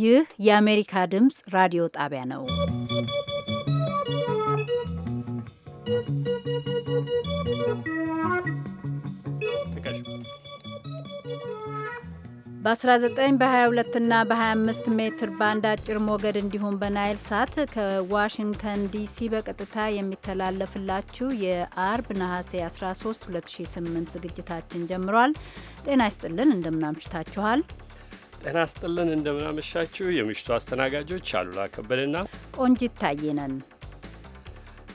ይህ የአሜሪካ ድምፅ ራዲዮ ጣቢያ ነው። በ19 በ22 እና በ25 ሜትር ባንድ አጭር ሞገድ እንዲሁም በናይል ሳት ከዋሽንግተን ዲሲ በቀጥታ የሚተላለፍላችሁ የአርብ ነሐሴ 13 2008 ዝግጅታችን ጀምሯል። ጤና ይስጥልን፣ እንደምናምሽታችኋል። ጤና ስጥልን እንደምናመሻችሁ። የምሽቱ አስተናጋጆች አሉላ ከበደና ቆንጂት ታየ ነን።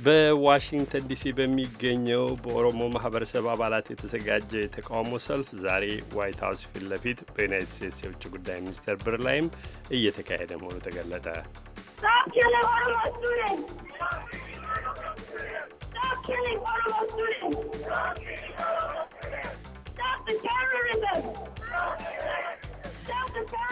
በዋሽንግተን ዲሲ በሚገኘው በኦሮሞ ማህበረሰብ አባላት የተዘጋጀ የተቃውሞ ሰልፍ ዛሬ ዋይት ሀውስ ፊት ለፊት በዩናይት ስቴትስ የውጭ ጉዳይ ሚኒስቴር ብር ላይም እየተካሄደ መሆኑ ተገለጠ።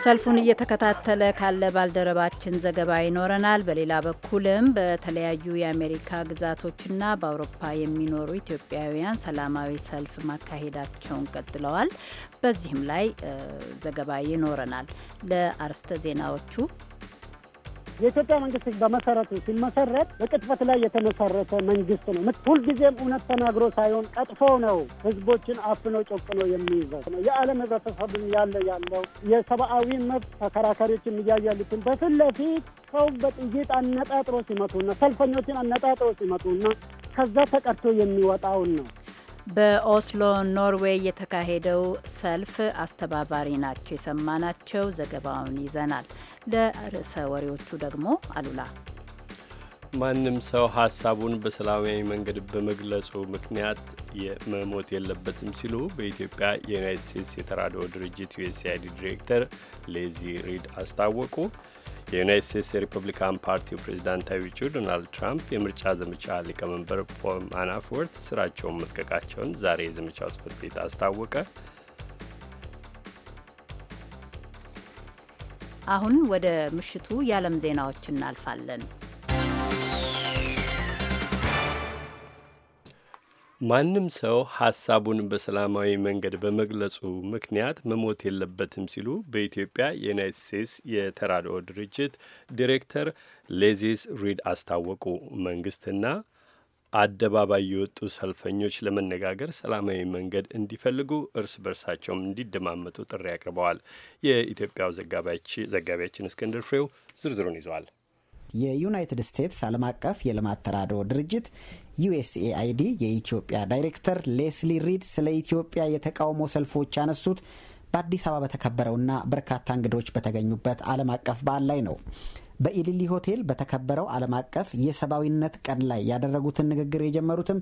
ሰልፉን እየተከታተለ ካለ ባልደረባችን ዘገባ ይኖረናል። በሌላ በኩልም በተለያዩ የአሜሪካ ግዛቶችና በአውሮፓ የሚኖሩ ኢትዮጵያውያን ሰላማዊ ሰልፍ ማካሄዳቸውን ቀጥለዋል። በዚህም ላይ ዘገባ ይኖረናል። ለአርስተ ዜናዎቹ የኢትዮጵያ መንግስት በመሰረቱ ሲመሰረት በቅጥፈት ላይ የተመሰረተ መንግስት ነው። ሁልጊዜም እውነት ተናግሮ ሳይሆን ቀጥፎ ነው ህዝቦችን አፍኖ ጮቅኖ የሚይዘው ነው። የዓለም ህብረተሰብም ያለ ያለው የሰብአዊ መብት ተከራካሪዎችን እያያሉትን በፊት ለፊት ሰው በጥይት አነጣጥሮ ሲመቱና ሰልፈኞችን አነጣጥሮ ሲመቱና ከዛ ተቀርቶ የሚወጣውን ነው በኦስሎ ኖርዌይ የተካሄደው ሰልፍ አስተባባሪ ናቸው የሰማናቸው። ዘገባውን ይዘናል። ለርዕሰ ወሬዎቹ ደግሞ አሉላ ማንም ሰው ሀሳቡን በሰላማዊ መንገድ በመግለጹ ምክንያት መሞት የለበትም ሲሉ በኢትዮጵያ የዩናይትድ ስቴትስ የተራድኦ ድርጅት ዩኤስአይዲ ዲሬክተር ሌዚ ሪድ አስታወቁ። የዩናይት ስቴትስ የሪፐብሊካን ፓርቲው ፕሬዚዳንታዊ እጩ ዶናልድ ትራምፕ የምርጫ ዘመቻ ሊቀመንበር ፖል ማናፎርት ስራቸውን መልቀቃቸውን ዛሬ የዘመቻው ጽህፈት ቤት አስታወቀ። አሁን ወደ ምሽቱ የዓለም ዜናዎች እናልፋለን። ማንም ሰው ሀሳቡን በሰላማዊ መንገድ በመግለጹ ምክንያት መሞት የለበትም ሲሉ በኢትዮጵያ የዩናይትድ ስቴትስ የተራድኦ ድርጅት ዲሬክተር ሌዚስ ሪድ አስታወቁ። መንግስትና አደባባይ የወጡ ሰልፈኞች ለመነጋገር ሰላማዊ መንገድ እንዲፈልጉ እርስ በርሳቸውም እንዲደማመጡ ጥሪ አቅርበዋል። የኢትዮጵያው ዘጋቢያችን እስክንድር ፍሬው ዝርዝሩን ይዟል። የዩናይትድ ስቴትስ ዓለም አቀፍ የልማት ተራድኦ ድርጅት ዩኤስኤአይዲ የኢትዮጵያ ዳይሬክተር ሌስሊ ሪድ ስለ ኢትዮጵያ የተቃውሞ ሰልፎች ያነሱት በአዲስ አበባ በተከበረውና በርካታ እንግዶች በተገኙበት ዓለም አቀፍ በዓል ላይ ነው። በኢሊሊ ሆቴል በተከበረው ዓለም አቀፍ የሰብአዊነት ቀን ላይ ያደረጉትን ንግግር የጀመሩትም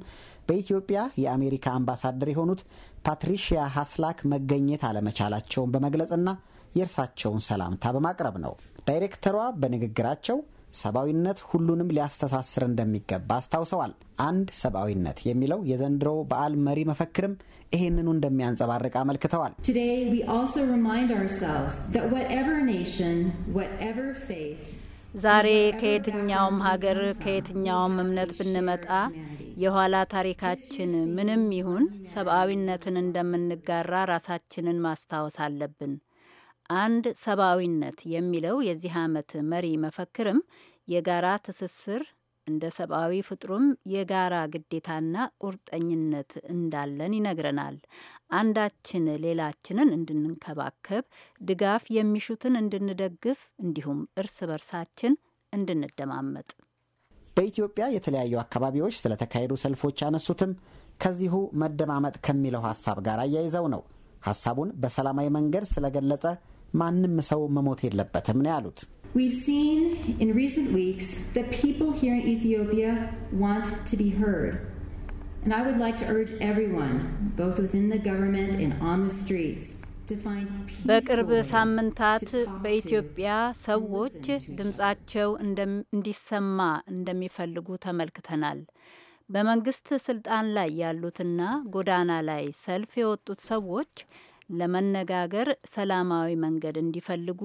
በኢትዮጵያ የአሜሪካ አምባሳደር የሆኑት ፓትሪሺያ ሀስላክ መገኘት አለመቻላቸውን በመግለጽና የእርሳቸውን ሰላምታ በማቅረብ ነው። ዳይሬክተሯ በንግግራቸው ሰብአዊነት ሁሉንም ሊያስተሳስር እንደሚገባ አስታውሰዋል። አንድ ሰብአዊነት የሚለው የዘንድሮ በዓል መሪ መፈክርም ይህንኑ እንደሚያንጸባርቅ አመልክተዋል። ዛሬ ከየትኛውም ሀገር ከየትኛውም እምነት ብንመጣ የኋላ ታሪካችን ምንም ይሁን ሰብአዊነትን እንደምንጋራ ራሳችንን ማስታወስ አለብን። አንድ ሰብአዊነት የሚለው የዚህ ዓመት መሪ መፈክርም የጋራ ትስስር እንደ ሰብአዊ ፍጥሩም የጋራ ግዴታና ቁርጠኝነት እንዳለን ይነግረናል። አንዳችን ሌላችንን እንድንንከባከብ፣ ድጋፍ የሚሹትን እንድንደግፍ፣ እንዲሁም እርስ በርሳችን እንድንደማመጥ በኢትዮጵያ የተለያዩ አካባቢዎች ስለተካሄዱ ሰልፎች ያነሱትም ከዚሁ መደማመጥ ከሚለው ሀሳብ ጋር አያይዘው ነው። ሀሳቡን በሰላማዊ መንገድ ስለገለጸ ማንም ሰው መሞት የለበትም ነው ያሉት። We've seen in recent weeks that people here in Ethiopia want to be heard. And I would like to urge everyone, both within the government and on the streets, በቅርብ ሳምንታት በኢትዮጵያ ሰዎች ድምጻቸው እንዲሰማ እንደሚፈልጉ ተመልክተናል። በመንግስት ስልጣን ላይ ያሉትና ጎዳና ላይ ሰልፍ የወጡት ሰዎች ለመነጋገር ሰላማዊ መንገድ እንዲፈልጉ፣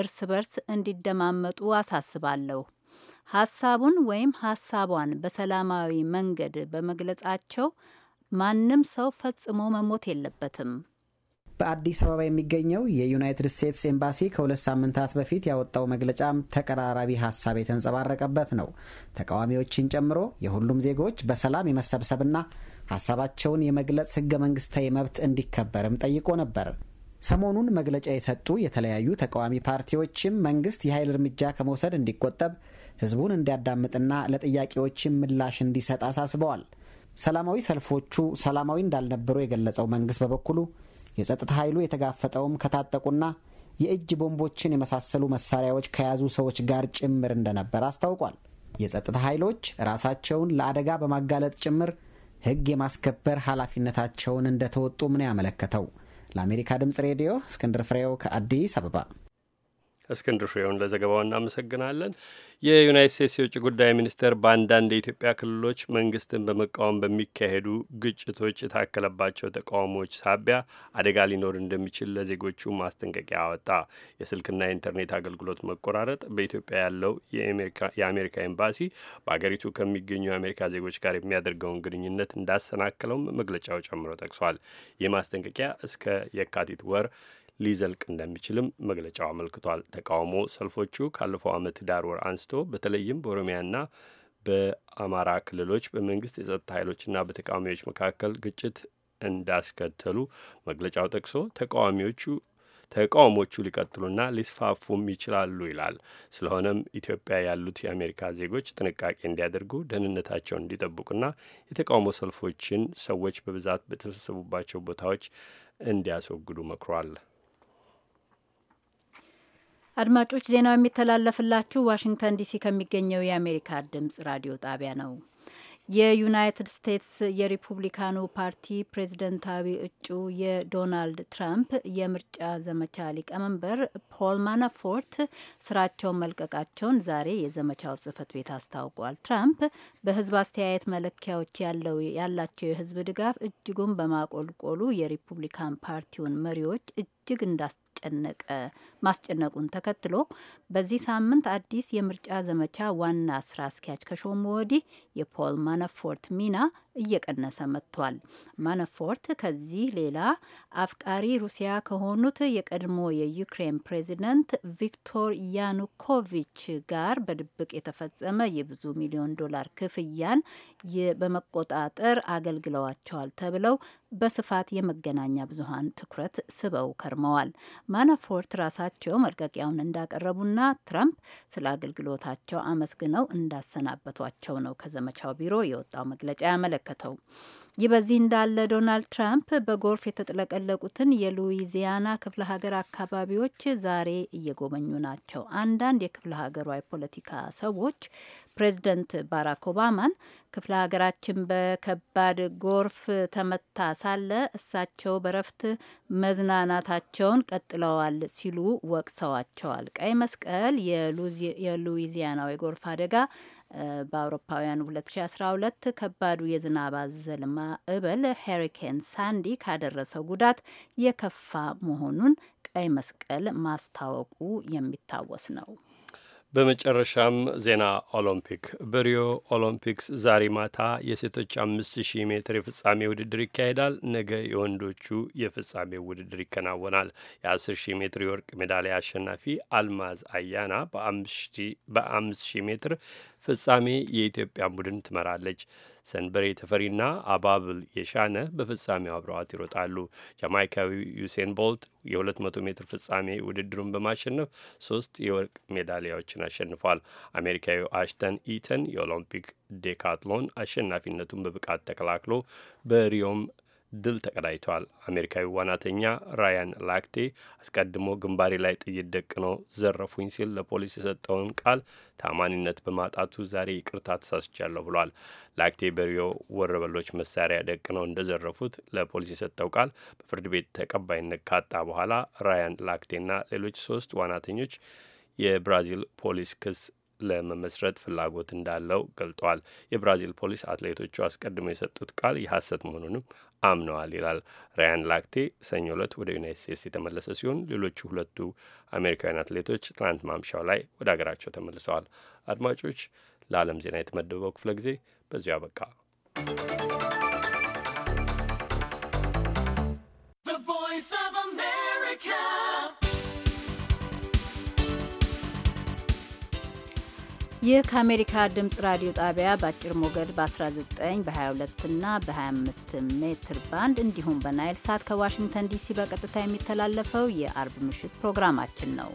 እርስ በርስ እንዲደማመጡ አሳስባለሁ። ሀሳቡን ወይም ሀሳቧን በሰላማዊ መንገድ በመግለጻቸው ማንም ሰው ፈጽሞ መሞት የለበትም። በአዲስ አበባ የሚገኘው የዩናይትድ ስቴትስ ኤምባሲ ከሁለት ሳምንታት በፊት ያወጣው መግለጫም ተቀራራቢ ሀሳብ የተንጸባረቀበት ነው። ተቃዋሚዎችን ጨምሮ የሁሉም ዜጎች በሰላም የመሰብሰብና ሀሳባቸውን የመግለጽ ህገ መንግስታዊ መብት እንዲከበርም ጠይቆ ነበር። ሰሞኑን መግለጫ የሰጡ የተለያዩ ተቃዋሚ ፓርቲዎችም መንግስት የኃይል እርምጃ ከመውሰድ እንዲቆጠብ፣ ህዝቡን እንዲያዳምጥና ለጥያቄዎችም ምላሽ እንዲሰጥ አሳስበዋል። ሰላማዊ ሰልፎቹ ሰላማዊ እንዳልነበሩ የገለጸው መንግስት በበኩሉ የጸጥታ ኃይሉ የተጋፈጠውም ከታጠቁና የእጅ ቦምቦችን የመሳሰሉ መሳሪያዎች ከያዙ ሰዎች ጋር ጭምር እንደነበር አስታውቋል። የጸጥታ ኃይሎች ራሳቸውን ለአደጋ በማጋለጥ ጭምር ሕግ የማስከበር ኃላፊነታቸውን እንደተወጡም ነው ያመለከተው። ለአሜሪካ ድምፅ ሬዲዮ እስክንድር ፍሬው ከአዲስ አበባ እስክንድር ፍሬውን ለዘገባው እናመሰግናለን። የዩናይት ስቴትስ የውጭ ጉዳይ ሚኒስቴር በአንዳንድ የኢትዮጵያ ክልሎች መንግስትን በመቃወም በሚካሄዱ ግጭቶች የታከለባቸው ተቃውሞዎች ሳቢያ አደጋ ሊኖር እንደሚችል ለዜጎቹ ማስጠንቀቂያ አወጣ። የስልክና የኢንተርኔት አገልግሎት መቆራረጥ በኢትዮጵያ ያለው የአሜሪካ ኤምባሲ በአገሪቱ ከሚገኙ የአሜሪካ ዜጎች ጋር የሚያደርገውን ግንኙነት እንዳሰናከለውም መግለጫው ጨምሮ ጠቅሷል። ይህ ማስጠንቀቂያ እስከ የካቲት ወር ሊዘልቅ እንደሚችልም መግለጫው አመልክቷል። ተቃውሞ ሰልፎቹ ካለፈው ዓመት ዳር ወር አንስቶ በተለይም በኦሮሚያና በአማራ ክልሎች በመንግስት የጸጥታ ኃይሎችና በተቃዋሚዎች መካከል ግጭት እንዳስከተሉ መግለጫው ጠቅሶ ተቃዋሚዎቹ ተቃውሞቹ ሊቀጥሉና ሊስፋፉም ይችላሉ ይላል። ስለሆነም ኢትዮጵያ ያሉት የአሜሪካ ዜጎች ጥንቃቄ እንዲያደርጉ ደህንነታቸውን እንዲጠብቁና የተቃውሞ ሰልፎችን ሰዎች በብዛት በተሰበሰቡባቸው ቦታዎች እንዲያስወግዱ መክሯል። አድማጮች ዜናው የሚተላለፍላችሁ ዋሽንግተን ዲሲ ከሚገኘው የአሜሪካ ድምጽ ራዲዮ ጣቢያ ነው። የዩናይትድ ስቴትስ የሪፑብሊካኑ ፓርቲ ፕሬዝደንታዊ እጩ የዶናልድ ትራምፕ የምርጫ ዘመቻ ሊቀመንበር ፖል ማናፎርት ስራቸውን መልቀቃቸውን ዛሬ የዘመቻው ጽህፈት ቤት አስታውቋል። ትራምፕ በህዝብ አስተያየት መለኪያዎች ያለው ያላቸው የህዝብ ድጋፍ እጅጉን በማቆልቆሉ የሪፑብሊካን ፓርቲውን መሪዎች እጅግ እንዳስጨነቀ ማስጨነቁን ተከትሎ በዚህ ሳምንት አዲስ የምርጫ ዘመቻ ዋና ስራ አስኪያጅ ከሾሙ ወዲህ የፖል ማነፎርት ሚና እየቀነሰ መጥቷል። ማነፎርት ከዚህ ሌላ አፍቃሪ ሩሲያ ከሆኑት የቀድሞ የዩክሬን ፕሬዚደንት ቪክቶር ያኑኮቪች ጋር በድብቅ የተፈጸመ የብዙ ሚሊዮን ዶላር ክፍያን በመቆጣጠር አገልግለዋቸዋል ተብለው በስፋት የመገናኛ ብዙሃን ትኩረት ስበው ከርመዋል። ማናፎርት ራሳቸው መልቀቂያውን እንዳቀረቡና ትራምፕ ስለ አገልግሎታቸው አመስግነው እንዳሰናበቷቸው ነው ከዘመቻው ቢሮ የወጣው መግለጫ ያመለክ ያመለከተው። ይህ በዚህ እንዳለ ዶናልድ ትራምፕ በጎርፍ የተጥለቀለቁትን የሉዊዚያና ክፍለ ሀገር አካባቢዎች ዛሬ እየጎበኙ ናቸው። አንዳንድ የክፍለ ሀገሯ የፖለቲካ ሰዎች ፕሬዚደንት ባራክ ኦባማን ክፍለ ሀገራችን በከባድ ጎርፍ ተመታ ሳለ እሳቸው በረፍት መዝናናታቸውን ቀጥለዋል ሲሉ ወቅሰዋቸዋል። ቀይ መስቀል የሉዊዚያናው የጎርፍ አደጋ በአውሮፓውያን 2012 ከባዱ የዝናብ አዘል ማዕበል ሄሪኬን ሳንዲ ካደረሰው ጉዳት የከፋ መሆኑን ቀይ መስቀል ማስታወቁ የሚታወስ ነው። በመጨረሻም ዜና ኦሎምፒክ። በሪዮ ኦሎምፒክስ ዛሬ ማታ የሴቶች አምስት ሺህ ሜትር የፍጻሜ ውድድር ይካሄዳል። ነገ የወንዶቹ የፍጻሜ ውድድር ይከናወናል። የአስር ሺህ ሜትር የወርቅ ሜዳሊያ አሸናፊ አልማዝ አያና በአምስት ሺህ ሜትር ፍጻሜ የኢትዮጵያን ቡድን ትመራለች። ሰንበሬ ተፈሪና አባብል የሻነ በፍጻሜው አብረዋት ይሮጣሉ። ጃማይካዊ ዩሴን ቦልት የ200 ሜትር ፍጻሜ ውድድሩን በማሸነፍ ሶስት የወርቅ ሜዳሊያዎችን አሸንፏል። አሜሪካዊው አሽተን ኢተን የኦሎምፒክ ዴካትሎን አሸናፊነቱን በብቃት ተከላክሎ በሪዮም ድል ተቀዳጅተዋል። አሜሪካዊ ዋናተኛ ራያን ላክቴ አስቀድሞ ግንባሬ ላይ ጥይት ነው ዘረፉኝ ሲል ለፖሊስ የሰጠውን ቃል ታማኒነት በማጣቱ ዛሬ ይቅርታ ተሳስቻለሁ ብሏል። ላክቴ በሪዮ ወረበሎች መሳሪያ ደቅነው እንደዘረፉት ለፖሊስ የሰጠው ቃል በፍርድ ቤት ተቀባይነት ካጣ በኋላ ራያን ላክቴና ሌሎች ሶስት ዋናተኞች የብራዚል ፖሊስ ክስ ለመመስረት ፍላጎት እንዳለው ገልጧል። የብራዚል ፖሊስ አትሌቶቹ አስቀድሞ የሰጡት ቃል የሐሰት መሆኑንም አምነዋል ይላል። ራያን ላክቴ ሰኞ ዕለት ወደ ዩናይት ስቴትስ የተመለሰ ሲሆን ሌሎቹ ሁለቱ አሜሪካውያን አትሌቶች ትናንት ማምሻው ላይ ወደ አገራቸው ተመልሰዋል። አድማጮች፣ ለዓለም ዜና የተመደበው ክፍለ ጊዜ በዚሁ አበቃ። ይህ ከአሜሪካ ድምፅ ራዲዮ ጣቢያ በአጭር ሞገድ በ19 በ22 እና በ25 ሜትር ባንድ እንዲሁም በናይል ሳት ከዋሽንግተን ዲሲ በቀጥታ የሚተላለፈው የአርብ ምሽት ፕሮግራማችን ነው።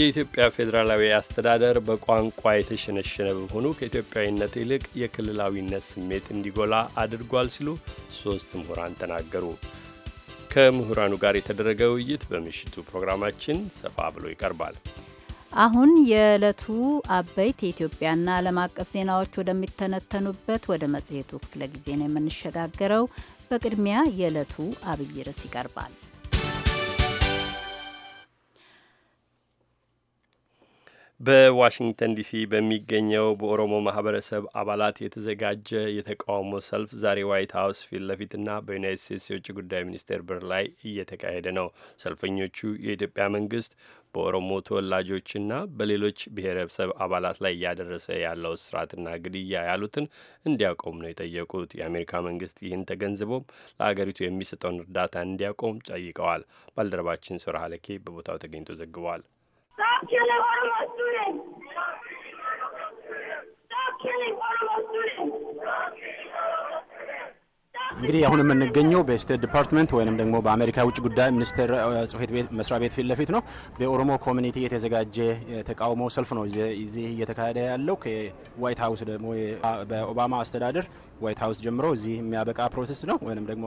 የኢትዮጵያ ፌዴራላዊ አስተዳደር በቋንቋ የተሸነሸነ በመሆኑ ከኢትዮጵያዊነት ይልቅ የክልላዊነት ስሜት እንዲጎላ አድርጓል ሲሉ ሶስት ምሁራን ተናገሩ። ከምሁራኑ ጋር የተደረገ ውይይት በምሽቱ ፕሮግራማችን ሰፋ ብሎ ይቀርባል። አሁን የዕለቱ አበይት የኢትዮጵያና ዓለም አቀፍ ዜናዎች ወደሚተነተኑበት ወደ መጽሔቱ ክፍለ ጊዜ ነው የምንሸጋገረው። በቅድሚያ የዕለቱ አብይ ርዕስ ይቀርባል። በዋሽንግተን ዲሲ በሚገኘው በኦሮሞ ማህበረሰብ አባላት የተዘጋጀ የተቃውሞ ሰልፍ ዛሬ ዋይት ሀውስ ፊት ለፊትና በዩናይት ስቴትስ የውጭ ጉዳይ ሚኒስቴር በር ላይ እየተካሄደ ነው። ሰልፈኞቹ የኢትዮጵያ መንግስት በኦሮሞ ተወላጆችና በሌሎች ብሔረሰብ አባላት ላይ እያደረሰ ያለው ስርዓትና ግድያ ያሉትን እንዲያቆም ነው የጠየቁት። የአሜሪካ መንግስት ይህን ተገንዝቦም ለአገሪቱ የሚሰጠውን እርዳታ እንዲያቆም ጠይቀዋል። ባልደረባችን ሶራ ሀለኬ በቦታው ተገኝቶ ዘግቧል። Stop killing all of our students! Stop killing all of our students! እንግዲህ አሁን የምንገኘው በስቴት ዲፓርትመንት ወይም ደግሞ በአሜሪካ ውጭ ጉዳይ ሚኒስቴር ጽፈት ቤት መስሪያ ቤት ፊት ለፊት ነው። በኦሮሞ ኮሚኒቲ የተዘጋጀ ተቃውሞ ሰልፍ ነው እዚህ እየተካሄደ ያለው። ከዋይት ሀውስ ደግሞ በኦባማ አስተዳደር ዋይት ሀውስ ጀምሮ እዚህ የሚያበቃ ፕሮቴስት ነው ወይም ደግሞ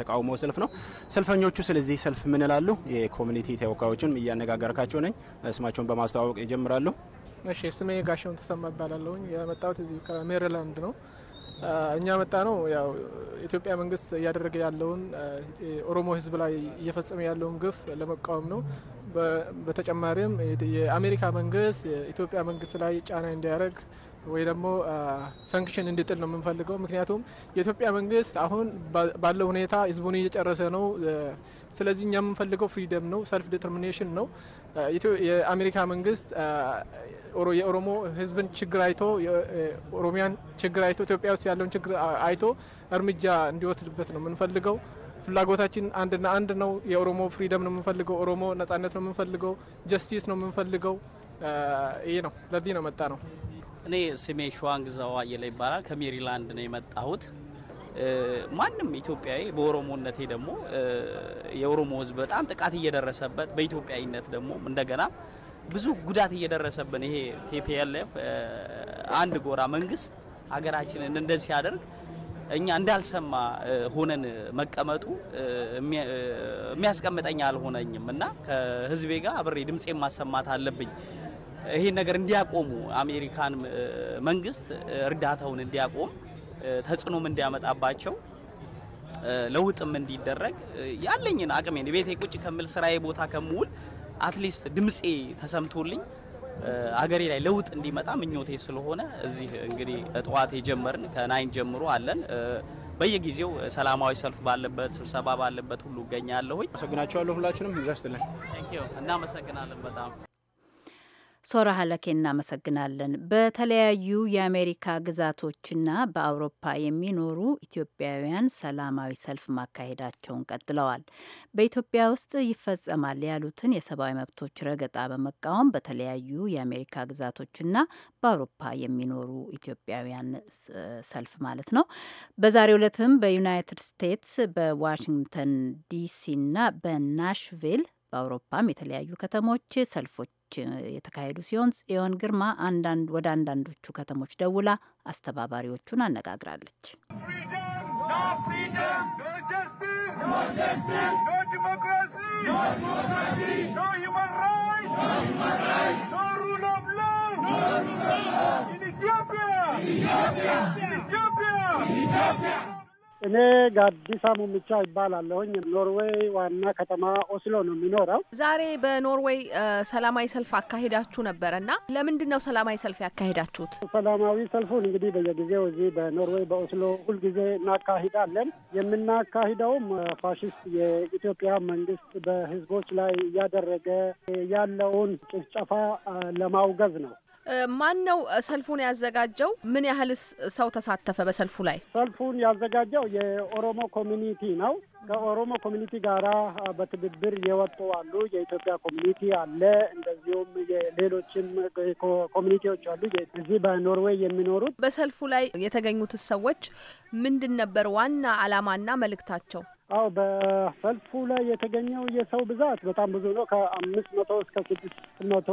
ተቃውሞ ሰልፍ ነው። ሰልፈኞቹ ስለዚህ ሰልፍ ምን ይላሉ? የኮሚኒቲ ተወካዮችን እያነጋገርካቸው ነኝ። ስማቸውን በማስተዋወቅ ይጀምራሉ። እሺ፣ ስሜ ጋሻውን ተሰማ እባላለሁኝ። የመጣሁት ከሜሪላንድ ነው። እኛ መጣ ነው ያው ኢትዮጵያ መንግስት እያደረገ ያለውን ኦሮሞ ህዝብ ላይ እየፈጸመ ያለውን ግፍ ለመቃወም ነው። በተጨማሪም የአሜሪካ መንግስት የኢትዮጵያ መንግስት ላይ ጫና እንዲያደርግ ወይ ደግሞ ሳንክሽን እንዲጥል ነው የምንፈልገው። ምክንያቱም የኢትዮጵያ መንግስት አሁን ባለው ሁኔታ ህዝቡን እየጨረሰ ነው። ስለዚህ እኛ የምንፈልገው ፍሪደም ነው፣ ሰልፍ ዲተርሚኔሽን ነው። የአሜሪካ መንግስት የኦሮሞ ህዝብን ችግር አይቶ የኦሮሚያን ችግር አይቶ ኢትዮጵያ ውስጥ ያለውን ችግር አይቶ እርምጃ እንዲወስድበት ነው የምንፈልገው። ፍላጎታችን አንድና አንድ ነው። የኦሮሞ ፍሪደም ነው የምንፈልገው። ኦሮሞ ነጻነት ነው የምንፈልገው። ጀስቲስ ነው የምንፈልገው። ይህ ነው። ለዚህ ነው መጣ ነው። እኔ ስሜ ሸዋንግዛው አየለ ይባላል። ከሜሪላንድ ነው የመጣሁት። ማንም ኢትዮጵያዊ በኦሮሞነቴ ደግሞ የኦሮሞ ህዝብ በጣም ጥቃት እየደረሰበት በኢትዮጵያዊነት ደግሞ እንደገና ብዙ ጉዳት እየደረሰብን ይሄ ቲፒኤልኤፍ አንድ ጎራ መንግስት ሀገራችንን እንደዚህ ሲያደርግ እኛ እንዳልሰማ ሆነን መቀመጡ የሚያስቀምጠኝ አልሆነኝም እና ከህዝቤ ጋር አብሬ ድምፄ ማሰማት አለብኝ። ይሄን ነገር እንዲያቆሙ አሜሪካን መንግስት እርዳታውን እንዲያቆም ተጽዕኖም እንዲያመጣባቸው ለውጥም እንዲደረግ ያለኝን አቅሜን ቤቴ ቁጭ ከምል ስራዬ ቦታ ከምውል አትሊስት ድምፄ ተሰምቶልኝ አገሬ ላይ ለውጥ እንዲመጣ ምኞቴ ስለሆነ እዚህ እንግዲህ ጠዋት የጀመርን ከናይን ጀምሮ አለን። በየጊዜው ሰላማዊ ሰልፍ ባለበት፣ ስብሰባ ባለበት ሁሉ እገኛለሁኝ። አመሰግናቸዋለሁ። ሁላችንም ዛስትለን እናመሰግናለን በጣም ሶራ ሀለኬ እናመሰግናለን። በተለያዩ የአሜሪካ ግዛቶችና በአውሮፓ የሚኖሩ ኢትዮጵያውያን ሰላማዊ ሰልፍ ማካሄዳቸውን ቀጥለዋል። በኢትዮጵያ ውስጥ ይፈጸማል ያሉትን የሰብአዊ መብቶች ረገጣ በመቃወም በተለያዩ የአሜሪካ ግዛቶችና በአውሮፓ የሚኖሩ ኢትዮጵያውያን ሰልፍ ማለት ነው። በዛሬው ዕለትም በዩናይትድ ስቴትስ በዋሽንግተን ዲሲና በናሽቪል በአውሮፓም የተለያዩ ከተሞች ሰልፎች የተካሄዱ ሲሆን ጽዮን ግርማ ወደ አንዳንዶቹ ከተሞች ደውላ አስተባባሪዎቹን አነጋግራለች። ኢትዮጵያ ኢትዮጵያ ኢትዮጵያ እኔ ጋዲሳ ሙምቻ ይባላለሁኝ። ኖርዌይ ዋና ከተማ ኦስሎ ነው የሚኖረው። ዛሬ በኖርዌይ ሰላማዊ ሰልፍ አካሄዳችሁ ነበረ እና ለምንድን ነው ሰላማዊ ሰልፍ ያካሄዳችሁት? ሰላማዊ ሰልፉን እንግዲህ በየጊዜው እዚህ በኖርዌይ በኦስሎ ሁልጊዜ እናካሂዳለን። የምናካሂደውም ፋሽስት የኢትዮጵያ መንግስት በህዝቦች ላይ እያደረገ ያለውን ጭፍጨፋ ለማውገዝ ነው። ማን ነው ሰልፉን ያዘጋጀው? ምን ያህልስ ሰው ተሳተፈ በሰልፉ ላይ? ሰልፉን ያዘጋጀው የኦሮሞ ኮሚኒቲ ነው። ከኦሮሞ ኮሚኒቲ ጋራ በትብብር የወጡ አሉ። የኢትዮጵያ ኮሚኒቲ አለ። እንደዚሁም የሌሎችም ኮሚኒቲዎች አሉ። እዚህ በኖርዌይ የሚኖሩት። በሰልፉ ላይ የተገኙት ሰዎች ምንድን ነበር ዋና አላማና መልእክታቸው? አዎ በሰልፉ ላይ የተገኘው የሰው ብዛት በጣም ብዙ ነው። ከአምስት መቶ እስከ ስድስት መቶ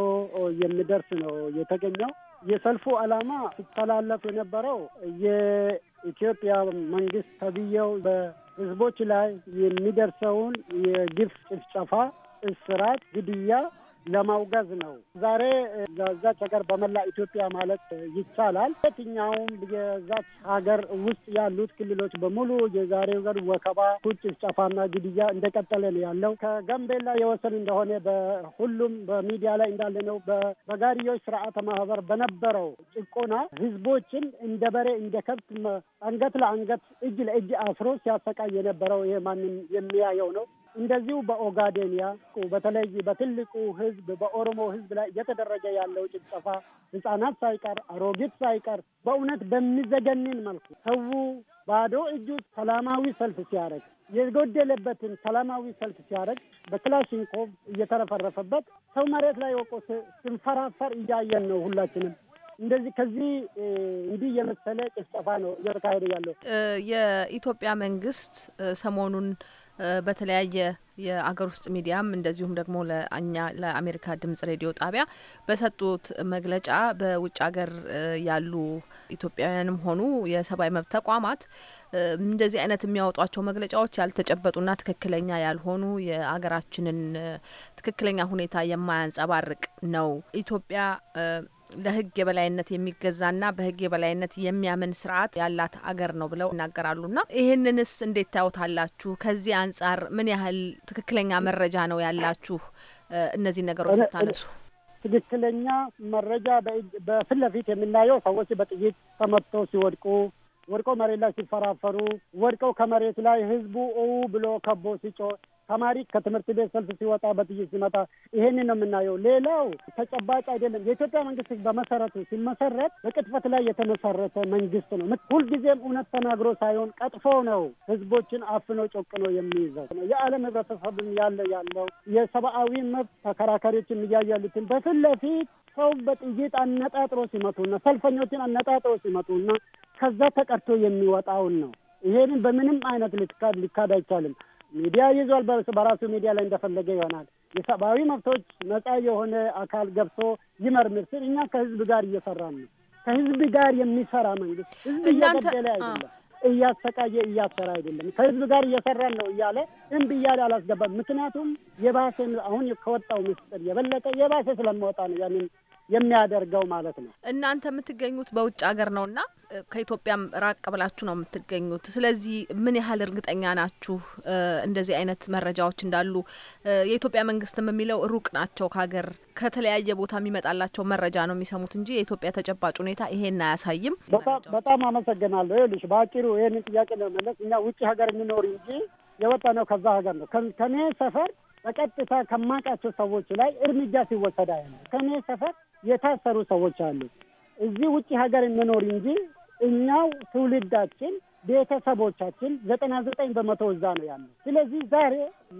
የሚደርስ ነው የተገኘው። የሰልፉ ዓላማ ሲተላለፍ የነበረው የኢትዮጵያ መንግስት ተብዬው በህዝቦች ላይ የሚደርሰውን የግፍ ጭፍጨፋ፣ እስራት፣ ግድያ ለማውገዝ ነው። ዛሬ ለዛች ሀገር በመላ ኢትዮጵያ ማለት ይቻላል የትኛውም የዛች ሀገር ውስጥ ያሉት ክልሎች በሙሉ የዛሬው ቀን ወከባ፣ ቁጭ፣ ጨፋና ግድያ እንደቀጠለ ነው ያለው። ከጋምቤላ የወሰን እንደሆነ በሁሉም በሚዲያ ላይ እንዳለ ነው። በጋሪዮች ስርዓተ ማህበር በነበረው ጭቆና ህዝቦችን እንደ በሬ እንደ ከብት አንገት ለአንገት እጅ ለእጅ አስሮ ሲያሰቃይ የነበረው ይሄ ማንም የሚያየው ነው። እንደዚሁ በኦጋዴንያ በተለይ በትልቁ ህዝብ በኦሮሞ ህዝብ ላይ እየተደረገ ያለው ጭፍጨፋ ህጻናት ሳይቀር አሮጊት ሳይቀር በእውነት በሚዘገንን መልኩ ሰው ባዶ እጁ ሰላማዊ ሰልፍ ሲያደርግ የጎደለበትን ሰላማዊ ሰልፍ ሲያደርግ በክላሽንኮቭ እየተረፈረፈበት ሰው መሬት ላይ ወቆ ስንፈራፈር እያየን ነው ሁላችንም። እንደዚህ ከዚህ እንዲህ የመሰለ ጭፍጨፋ ነው እየተካሄደ ያለው። የኢትዮጵያ መንግስት ሰሞኑን በተለያየ የአገር ውስጥ ሚዲያም እንደዚሁም ደግሞ ለእኛ ለአሜሪካ ድምጽ ሬዲዮ ጣቢያ በሰጡት መግለጫ በውጭ ሀገር ያሉ ኢትዮጵያውያንም ሆኑ የሰብአዊ መብት ተቋማት እንደዚህ አይነት የሚያወጧቸው መግለጫዎች ያልተጨበጡና ትክክለኛ ያልሆኑ የሀገራችንን ትክክለኛ ሁኔታ የማያንጸባርቅ ነው ኢትዮጵያ ለህግ የበላይነት የሚገዛና በህግ የበላይነት የሚያምን ስርዓት ያላት አገር ነው ብለው ና ይህንንስ እንዴት ታዩታላችሁ? ከዚህ አንጻር ምን ያህል ትክክለኛ መረጃ ነው ያላችሁ? እነዚህ ነገሮች ስታነሱ ትክክለኛ መረጃ በፊት ለፊት የምናየው ሰዎች በጥይት ተመትተው ሲወድቁ ወድቀው መሬት ላይ ሲፈራፈሩ ወድቀው ከመሬት ላይ ህዝቡ ብሎ ከቦ ሲጮህ ተማሪ ከትምህርት ቤት ሰልፍ ሲወጣ በጥይት ሲመጣ ይሄንን ነው የምናየው። ሌላው ተጨባጭ አይደለም። የኢትዮጵያ መንግስት በመሰረቱ ሲመሰረት በቅጥፈት ላይ የተመሰረተ መንግስት ነው። ሁልጊዜም እውነት ተናግሮ ሳይሆን ቀጥፎ ነው ህዝቦችን አፍኖ ጨቅኖ የሚይዘው። የዓለም ህብረተሰብም ያለ ያለው የሰብአዊ መብት ተከራካሪዎችም እያዩ ያሉትን በፊት ለፊት ሰው በጥይት አነጣጥሮ ሲመቱና ሰልፈኞችን አነጣጥሮ ሲመቱና ከዛ ተቀርቶ የሚወጣውን ነው። ይሄንን በምንም አይነት ሊካድ አይቻልም። ሚዲያ ይዟል። በራሱ ሚዲያ ላይ እንደፈለገ ይሆናል። የሰብአዊ መብቶች ነጻ የሆነ አካል ገብቶ ይመርምር ስል እኛ ከህዝብ ጋር እየሰራን ነው። ከህዝብ ጋር የሚሰራ መንግስት ህዝብ እየገደለ አይደለም፣ እያሰቃየ እያሰራ አይደለም። ከህዝብ ጋር እየሰራን ነው እያለ እምቢ እያለ አላስገባም። ምክንያቱም የባሰ አሁን ከወጣው ምስጢር የበለጠ የባሰ ስለማወጣ ነው ያንን የሚያደርገው ማለት ነው። እናንተ የምትገኙት በውጭ ሀገር ነውና ከኢትዮጵያም ራቅ ብላችሁ ነው የምትገኙት። ስለዚህ ምን ያህል እርግጠኛ ናችሁ እንደዚህ አይነት መረጃዎች እንዳሉ? የኢትዮጵያ መንግስትም የሚለው ሩቅ ናቸው ከሀገር ከተለያየ ቦታ የሚመጣላቸው መረጃ ነው የሚሰሙት እንጂ የኢትዮጵያ ተጨባጭ ሁኔታ ይሄን አያሳይም። በጣም አመሰግናለሁ። ይኸውልሽ በአጭሩ ይህንን ጥያቄ ለመመለስ እኛ ውጭ ሀገር የሚኖር እንጂ የወጣ ነው ከዛ ሀገር ነው ከኔ ሰፈር በቀጥታ ከማውቃቸው ሰዎች ላይ እርምጃ ሲወሰድ አለ። ከእኔ ሰፈር የታሰሩ ሰዎች አሉ። እዚህ ውጭ ሀገር እንኖር እንጂ እኛው ትውልዳችን ቤተሰቦቻችን ዘጠና ዘጠኝ በመቶ እዛ ነው ያለ። ስለዚህ ዛሬ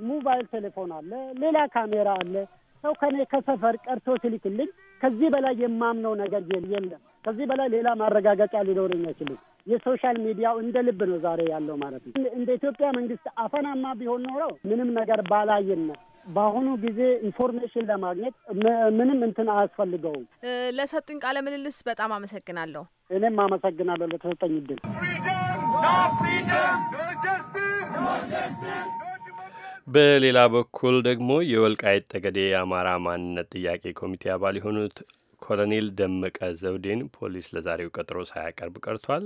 ሞባይል ቴሌፎን አለ፣ ሌላ ካሜራ አለ። ሰው ከኔ ከሰፈር ቀርቶ ሲልክልኝ ከዚህ በላይ የማምነው ነገር የለም። ከዚህ በላይ ሌላ ማረጋገጫ ሊኖረኝ አይችልም። የሶሻል ሚዲያው እንደ ልብ ነው ዛሬ ያለው ማለት ነው። እንደ ኢትዮጵያ መንግስት አፈናማ ቢሆን ኖሮ ምንም ነገር ባላየነ በአሁኑ ጊዜ ኢንፎርሜሽን ለማግኘት ምንም እንትን አያስፈልገውም። ለሰጡኝ ቃለ ምልልስ በጣም አመሰግናለሁ። እኔም አመሰግናለሁ ለተሰጠኝ እድል። በሌላ በኩል ደግሞ የወልቃይት ጠገዴ የአማራ ማንነት ጥያቄ ኮሚቴ አባል የሆኑት ኮሎኔል ደመቀ ዘውዴን ፖሊስ ለዛሬው ቀጠሮ ሳያቀርብ ቀርቷል።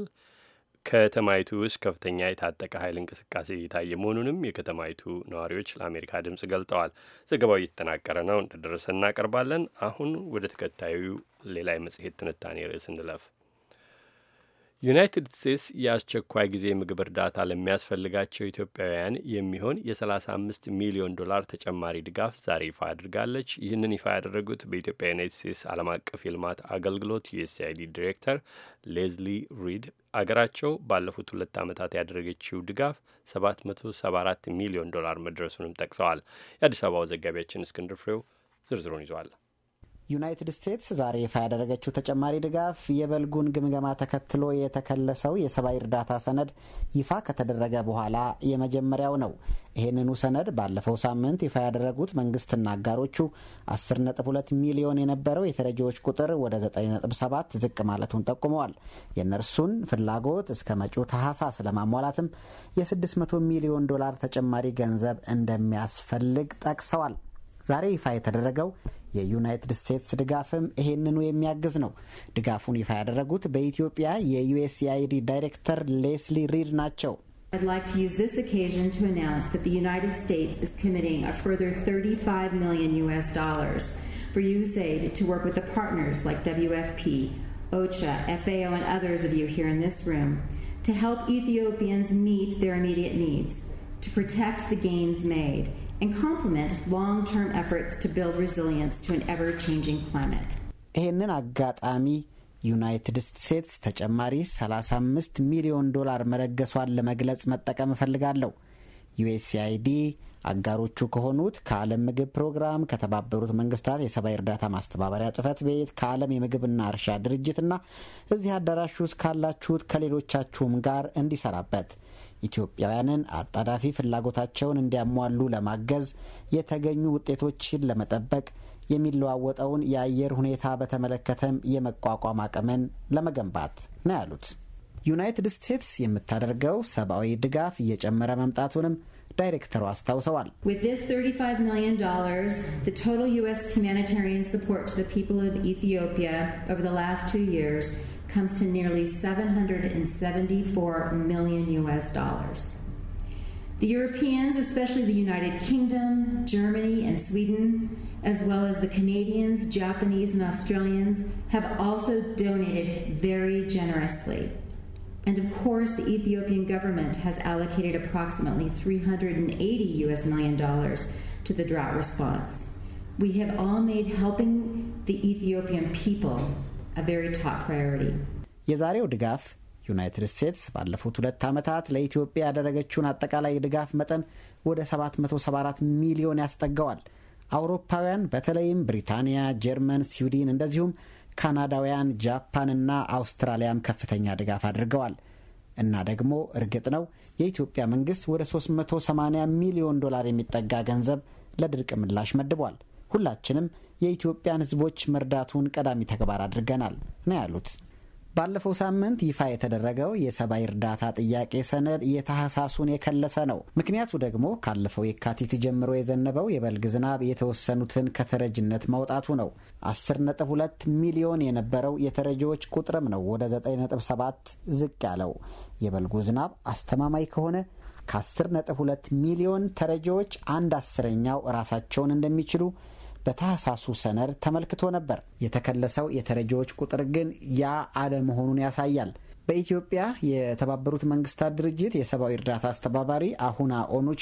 ከተማይቱ ውስጥ ከፍተኛ የታጠቀ ኃይል እንቅስቃሴ እየታየ መሆኑንም የከተማይቱ ነዋሪዎች ለአሜሪካ ድምፅ ገልጠዋል። ዘገባው እየተጠናቀረ ነው፣ እንደደረሰ እናቀርባለን። አሁን ወደ ተከታዩ ሌላ የመጽሔት ትንታኔ ርዕስ እንለፍ። ዩናይትድ ስቴትስ የአስቸኳይ ጊዜ ምግብ እርዳታ ለሚያስፈልጋቸው ኢትዮጵያውያን የሚሆን የ35 ሚሊዮን ዶላር ተጨማሪ ድጋፍ ዛሬ ይፋ አድርጋለች። ይህንን ይፋ ያደረጉት በኢትዮጵያ ዩናይትድ ስቴትስ ዓለም አቀፍ የልማት አገልግሎት ዩኤስአይዲ ዲሬክተር ሌዝሊ ሪድ አገራቸው ባለፉት ሁለት ዓመታት ያደረገችው ድጋፍ 774 ሚሊዮን ዶላር መድረሱንም ጠቅሰዋል። የአዲስ አበባው ዘጋቢያችን እስክንድር ፍሬው ዝርዝሩን ይዟል። ዩናይትድ ስቴትስ ዛሬ ይፋ ያደረገችው ተጨማሪ ድጋፍ የበልጉን ግምገማ ተከትሎ የተከለሰው የሰብአዊ እርዳታ ሰነድ ይፋ ከተደረገ በኋላ የመጀመሪያው ነው። ይህንኑ ሰነድ ባለፈው ሳምንት ይፋ ያደረጉት መንግስትና አጋሮቹ 10.2 ሚሊዮን የነበረው የተረጂዎች ቁጥር ወደ 9.7 ዝቅ ማለቱን ጠቁመዋል። የእነርሱን ፍላጎት እስከ መጪው ታህሳስ ለማሟላትም የ600 ሚሊዮን ዶላር ተጨማሪ ገንዘብ እንደሚያስፈልግ ጠቅሰዋል። ዛሬ ይፋ የተደረገው የዩናይትድ ስቴትስ ድጋፍም ይሄንኑ የሚያግዝ ነው። ድጋፉን ይፋ ያደረጉት በኢትዮጵያ የዩኤስኤአይዲ ዳይሬክተር ሌስሊ ሪድ ናቸው። I'd like to use this occasion to announce that the United States is committing a further 35 million US dollars for USAID to work with the partners like WFP, OCHA, FAO, and others of you here in this room to help Ethiopians meet their immediate needs, to protect the gains made, and complement long-term efforts to build resilience to an ever-changing climate. ይህንን አጋጣሚ ዩናይትድ ስቴትስ ተጨማሪ 35 ሚሊዮን ዶላር መለገሷን ለመግለጽ መጠቀም እፈልጋለሁ። ዩኤስአይዲ አጋሮቹ ከሆኑት ከዓለም ምግብ ፕሮግራም፣ ከተባበሩት መንግስታት የሰብአዊ እርዳታ ማስተባበሪያ ጽህፈት ቤት፣ ከዓለም የምግብና እርሻ ድርጅትና እዚህ አዳራሽ ውስጥ ካላችሁት ከሌሎቻችሁም ጋር እንዲሰራበት ኢትዮጵያውያንን አጣዳፊ ፍላጎታቸውን እንዲያሟሉ ለማገዝ የተገኙ ውጤቶችን ለመጠበቅ የሚለዋወጠውን የአየር ሁኔታ በተመለከተም የመቋቋም አቅምን ለመገንባት ነው ያሉት። ዩናይትድ ስቴትስ የምታደርገው ሰብአዊ ድጋፍ እየጨመረ መምጣቱንም ዳይሬክተሩ አስታውሰዋል። ኢትዮጵያ comes to nearly 774 million US dollars. The Europeans, especially the United Kingdom, Germany, and Sweden, as well as the Canadians, Japanese, and Australians, have also donated very generously. And of course, the Ethiopian government has allocated approximately 380 US million dollars to the drought response. We have all made helping the Ethiopian people የዛሬው ድጋፍ ዩናይትድ ስቴትስ ባለፉት ሁለት ዓመታት ለኢትዮጵያ ያደረገችውን አጠቃላይ ድጋፍ መጠን ወደ 774 ሚሊዮን ያስጠጋዋል። አውሮፓውያን በተለይም ብሪታንያ፣ ጀርመን፣ ስዊድን እንደዚሁም ካናዳውያን፣ ጃፓንና አውስትራሊያም ከፍተኛ ድጋፍ አድርገዋል እና ደግሞ እርግጥ ነው የኢትዮጵያ መንግስት ወደ 380 ሚሊዮን ዶላር የሚጠጋ ገንዘብ ለድርቅ ምላሽ መድቧል። ሁላችንም የኢትዮጵያን ሕዝቦች መርዳቱን ቀዳሚ ተግባር አድርገናል ነው ያሉት። ባለፈው ሳምንት ይፋ የተደረገው የሰብአዊ እርዳታ ጥያቄ ሰነድ የታህሳሱን የከለሰ ነው። ምክንያቱ ደግሞ ካለፈው የካቲት ጀምሮ የዘነበው የበልግ ዝናብ የተወሰኑትን ከተረጅነት ማውጣቱ ነው። 10.2 ሚሊዮን የነበረው የተረጂዎች ቁጥርም ነው ወደ 9.7 ዝቅ ያለው። የበልጉ ዝናብ አስተማማኝ ከሆነ ከ10.2 ሚሊዮን ተረጂዎች አንድ አስረኛው ራሳቸውን እንደሚችሉ በታህሳሱ ሰነድ ተመልክቶ ነበር። የተከለሰው የተረጂዎች ቁጥር ግን ያ አለመሆኑን ያሳያል። በኢትዮጵያ የተባበሩት መንግስታት ድርጅት የሰብአዊ እርዳታ አስተባባሪ አሁና ኦኑቺ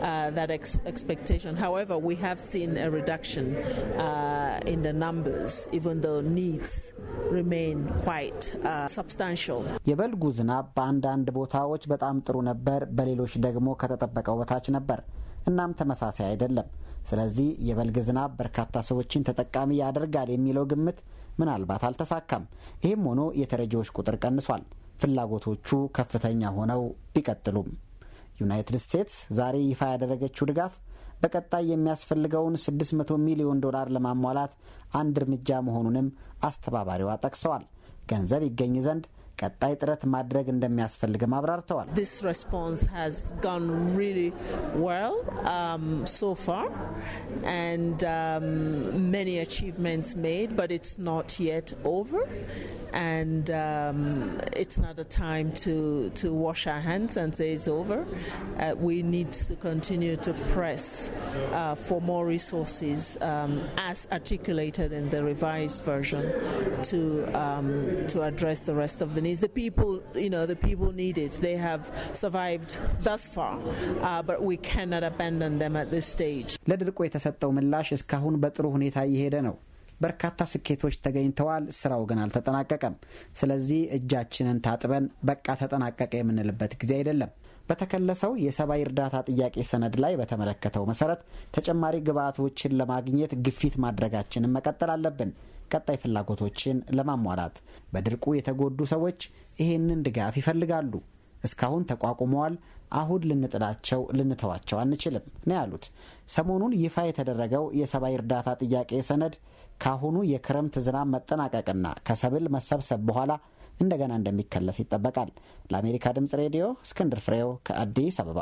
uh, that ex- expectation. However, we have seen a reduction uh, in the numbers, even though needs remain quite uh, substantial. የበልጉ ዝናብ በአንዳንድ ቦታዎች በጣም ጥሩ ነበር፣ በሌሎች ደግሞ ከተጠበቀው በታች ነበር። እናም ተመሳሳይ አይደለም። ስለዚህ የበልግ ዝናብ በርካታ ሰዎችን ተጠቃሚ ያደርጋል የሚለው ግምት ምናልባት አልተሳካም። ይህም ሆኖ የተረጂዎች ቁጥር ቀንሷል። ፍላጎቶቹ ከፍተኛ ሆነው ቢቀጥሉም ዩናይትድ ስቴትስ ዛሬ ይፋ ያደረገችው ድጋፍ በቀጣይ የሚያስፈልገውን 600 ሚሊዮን ዶላር ለማሟላት አንድ እርምጃ መሆኑንም አስተባባሪዋ ጠቅሰዋል። ገንዘብ ይገኝ ዘንድ This response has gone really well um, so far and um, many achievements made, but it's not yet over. And um, it's not a time to, to wash our hands and say it's over. Uh, we need to continue to press uh, for more resources as articulated in the revised version to, to address the rest of the is the people, you know, the people need it. They have survived thus far, uh, but we cannot abandon them at this stage. ለድርቁ የተሰጠው ምላሽ እስካሁን በጥሩ ሁኔታ እየሄደ ነው። በርካታ ስኬቶች ተገኝተዋል። ስራው ግን አልተጠናቀቀም። ስለዚህ እጃችንን ታጥበን በቃ ተጠናቀቀ የምንልበት ጊዜ አይደለም። በተከለሰው የሰብአዊ እርዳታ ጥያቄ ሰነድ ላይ በተመለከተው መሰረት ተጨማሪ ግብዓቶችን ለማግኘት ግፊት ማድረጋችንን መቀጠል አለብን። ቀጣይ ፍላጎቶችን ለማሟላት። በድርቁ የተጎዱ ሰዎች ይሄንን ድጋፍ ይፈልጋሉ። እስካሁን ተቋቁመዋል። አሁን ልንጥላቸው ልንተዋቸው አንችልም ነው ያሉት። ሰሞኑን ይፋ የተደረገው የሰብአዊ እርዳታ ጥያቄ ሰነድ ካሁኑ የክረምት ዝናብ መጠናቀቅና ከሰብል መሰብሰብ በኋላ እንደገና እንደሚከለስ ይጠበቃል። ለአሜሪካ ድምፅ ሬዲዮ እስክንድር ፍሬው ከአዲስ አበባ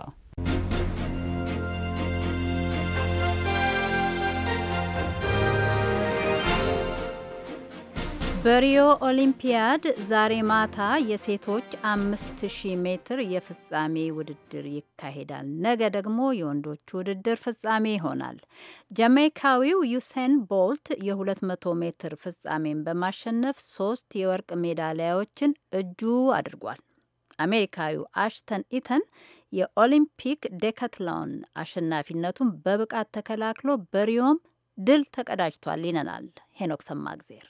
በሪዮ ኦሊምፒያድ ዛሬ ማታ የሴቶች አምስት ሺህ ሜትር የፍጻሜ ውድድር ይካሄዳል። ነገ ደግሞ የወንዶቹ ውድድር ፍጻሜ ይሆናል። ጃሜይካዊው ዩሴን ቦልት የ200 ሜትር ፍጻሜን በማሸነፍ ሶስት የወርቅ ሜዳሊያዎችን እጁ አድርጓል። አሜሪካዊው አሽተን ኢተን የኦሊምፒክ ዴካትላን አሸናፊነቱን በብቃት ተከላክሎ በሪዮም ድል ተቀዳጅቷል ይነናል ሄኖክ ሰማግዜር።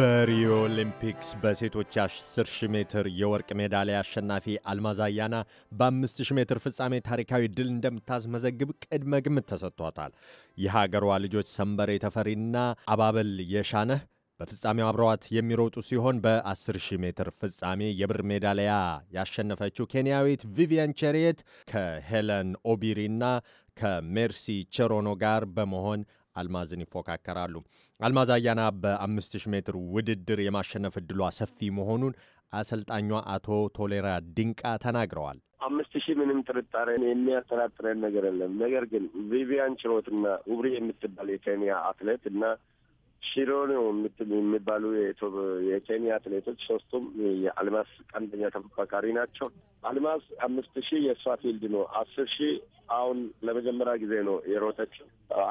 በሪዮ ኦሊምፒክስ በሴቶች 10000 ሜትር የወርቅ ሜዳሊያ አሸናፊ አልማዝ አያና በ5000 ሜትር ፍጻሜ ታሪካዊ ድል እንደምታስመዘግብ ቅድመ ግምት ተሰጥቷታል። የሀገሯ ልጆች ሰንበሬ ተፈሪና አባበል የሻነህ በፍጻሜው አብረዋት የሚሮጡ ሲሆን በ10000 ሜትር ፍጻሜ የብር ሜዳሊያ ያሸነፈችው ኬንያዊት ቪቪያን ቸሪየት ከሄለን ኦቢሪና ከሜርሲ ቸሮኖ ጋር በመሆን አልማዝን ይፎካከራሉ። አልማዝ አያና በ5000 ሜትር ውድድር የማሸነፍ እድሏ ሰፊ መሆኑን አሰልጣኟ አቶ ቶሌራ ድንቃ ተናግረዋል። አምስት ሺህ ምንም ጥርጣሬ የሚያጠራጥረን ነገር የለም። ነገር ግን ቪቪያን ችሮትና ውብሪ የምትባል የኬንያ አትሌት እና ነው የሚባሉ የኬንያ አትሌቶች ሶስቱም የአልማዝ ቀንደኛ ተፎካካሪ ናቸው። አልማዝ አምስት ሺህ የእሷ ፊልድ ነው። አስር ሺህ አሁን ለመጀመሪያ ጊዜ ነው የሮጠች።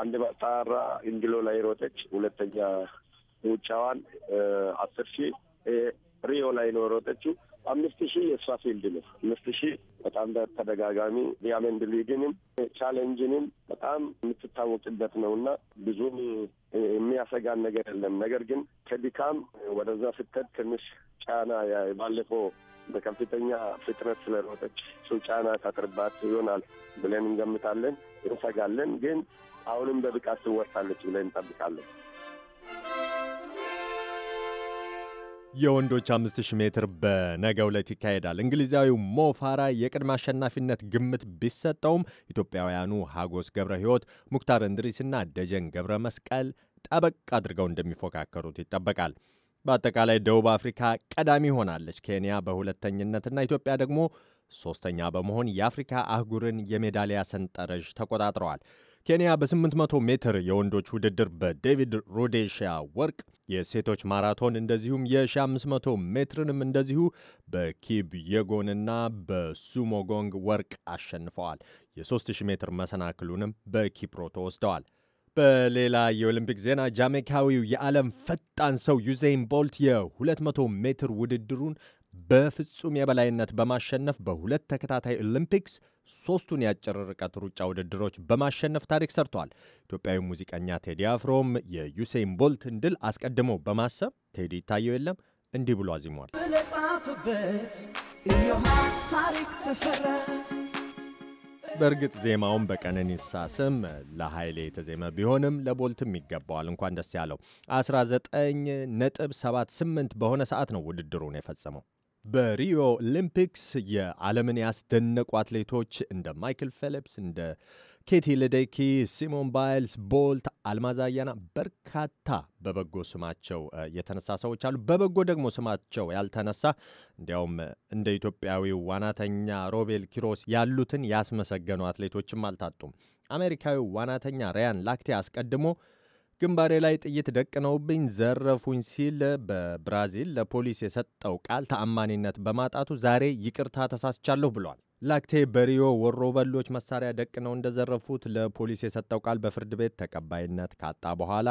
አንድ ጣራ እንግሎ ላይ ሮጠች። ሁለተኛ ውጫዋን አስር ሺህ ሪዮ ላይ ነው ሮጠችው። አምስት ሺህ የእሷ ፊልድ ነው። አምስት ሺህ በጣም በተደጋጋሚ ዲያመንድ ሊግንም ቻሌንጅንም በጣም የምትታወቅበት ነው እና ብዙም የሚያሰጋን ነገር የለም። ነገር ግን ከድካም ወደዛ ስትሄድ ትንሽ ጫና ባለፈው በከፍተኛ ፍጥነት ስለሮጠች ሰው ጫና ታጥርባት ይሆናል ብለን እንገምታለን፣ እንሰጋለን። ግን አሁንም በብቃት ትወርታለች ብለን እንጠብቃለን። የወንዶች 5000 ሜትር በነገ ዕለት ይካሄዳል። እንግሊዛዊው ሞፋራ የቅድመ አሸናፊነት ግምት ቢሰጠውም ኢትዮጵያውያኑ ሀጎስ ገብረ ሕይወት፣ ሙክታር እንድሪስና ደጀን ገብረ መስቀል ጠበቅ አድርገው እንደሚፎካከሩት ይጠበቃል። በአጠቃላይ ደቡብ አፍሪካ ቀዳሚ ሆናለች፣ ኬንያ በሁለተኝነትና ኢትዮጵያ ደግሞ ሦስተኛ በመሆን የአፍሪካ አህጉርን የሜዳሊያ ሰንጠረዥ ተቆጣጥረዋል። ኬንያ በ800 ሜትር የወንዶች ውድድር በዴቪድ ሮዴሻ ወርቅ፣ የሴቶች ማራቶን እንደዚሁም የ1500 ሜትርንም እንደዚሁ በኪፕየጎንና በሱሞጎንግ ወርቅ አሸንፈዋል። የ3000 ሜትር መሰናክሉንም በኪፕሮ ተወስደዋል። በሌላ የኦሊምፒክ ዜና ጃሜካዊው የዓለም ፈጣን ሰው ዩዜይን ቦልት የ200 ሜትር ውድድሩን በፍጹም የበላይነት በማሸነፍ በሁለት ተከታታይ ኦሊምፒክስ ሶስቱን የአጭር ርቀት ሩጫ ውድድሮች በማሸነፍ ታሪክ ሰርቷል። ኢትዮጵያዊ ሙዚቀኛ ቴዲ አፍሮም የዩሴን ቦልት እንድል አስቀድሞ በማሰብ ቴዲ ይታየው የለም እንዲህ ብሎ አዚሟል። ብለጻፍበት ታሪክ በእርግጥ ዜማውን በቀነኒሳ ስም ለኃይሌ የተዜመ ቢሆንም ለቦልትም ይገባዋል። እንኳን ደስ ያለው 19 ነጥብ 78 በሆነ ሰዓት ነው ውድድሩን የፈጸመው። በሪዮ ኦሊምፒክስ የዓለምን ያስደነቁ አትሌቶች እንደ ማይክል ፌሊፕስ፣ እንደ ኬቲ ለዴኪ፣ ሲሞን ባይልስ፣ ቦልት፣ አልማዝ አያና በርካታ በበጎ ስማቸው የተነሳ ሰዎች አሉ። በበጎ ደግሞ ስማቸው ያልተነሳ እንዲያውም እንደ ኢትዮጵያዊው ዋናተኛ ሮቤል ኪሮስ ያሉትን ያስመሰገኑ አትሌቶችም አልታጡም። አሜሪካዊው ዋናተኛ ሪያን ላክቴ አስቀድሞ ግንባሬ ላይ ጥይት ደቅነውብኝ ዘረፉኝ ሲል በብራዚል ለፖሊስ የሰጠው ቃል ተአማኒነት በማጣቱ ዛሬ ይቅርታ ተሳስቻለሁ ብሏል። ላክቴ በሪዮ ወሮ በሎች መሳሪያ ደቅነው እንደዘረፉት ለፖሊስ የሰጠው ቃል በፍርድ ቤት ተቀባይነት ካጣ በኋላ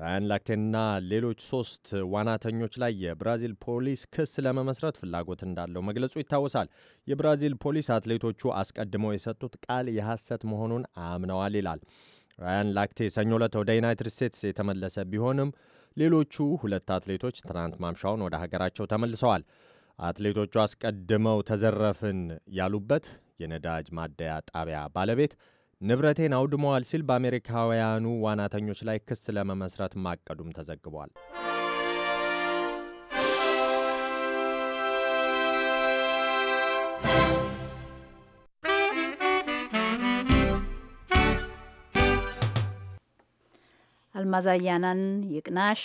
ራያን ላክቴና ሌሎች ሶስት ዋናተኞች ላይ የብራዚል ፖሊስ ክስ ለመመስረት ፍላጎት እንዳለው መግለጹ ይታወሳል። የብራዚል ፖሊስ አትሌቶቹ አስቀድመው የሰጡት ቃል የሐሰት መሆኑን አምነዋል ይላል። ራያን ላክቴ ሰኞ ዕለት ወደ ዩናይትድ ስቴትስ የተመለሰ ቢሆንም ሌሎቹ ሁለት አትሌቶች ትናንት ማምሻውን ወደ ሀገራቸው ተመልሰዋል። አትሌቶቹ አስቀድመው ተዘረፍን ያሉበት የነዳጅ ማደያ ጣቢያ ባለቤት ንብረቴን አውድመዋል ሲል በአሜሪካውያኑ ዋናተኞች ላይ ክስ ለመመስረት ማቀዱም ተዘግቧል። አልማዛያናን ይቅናሽ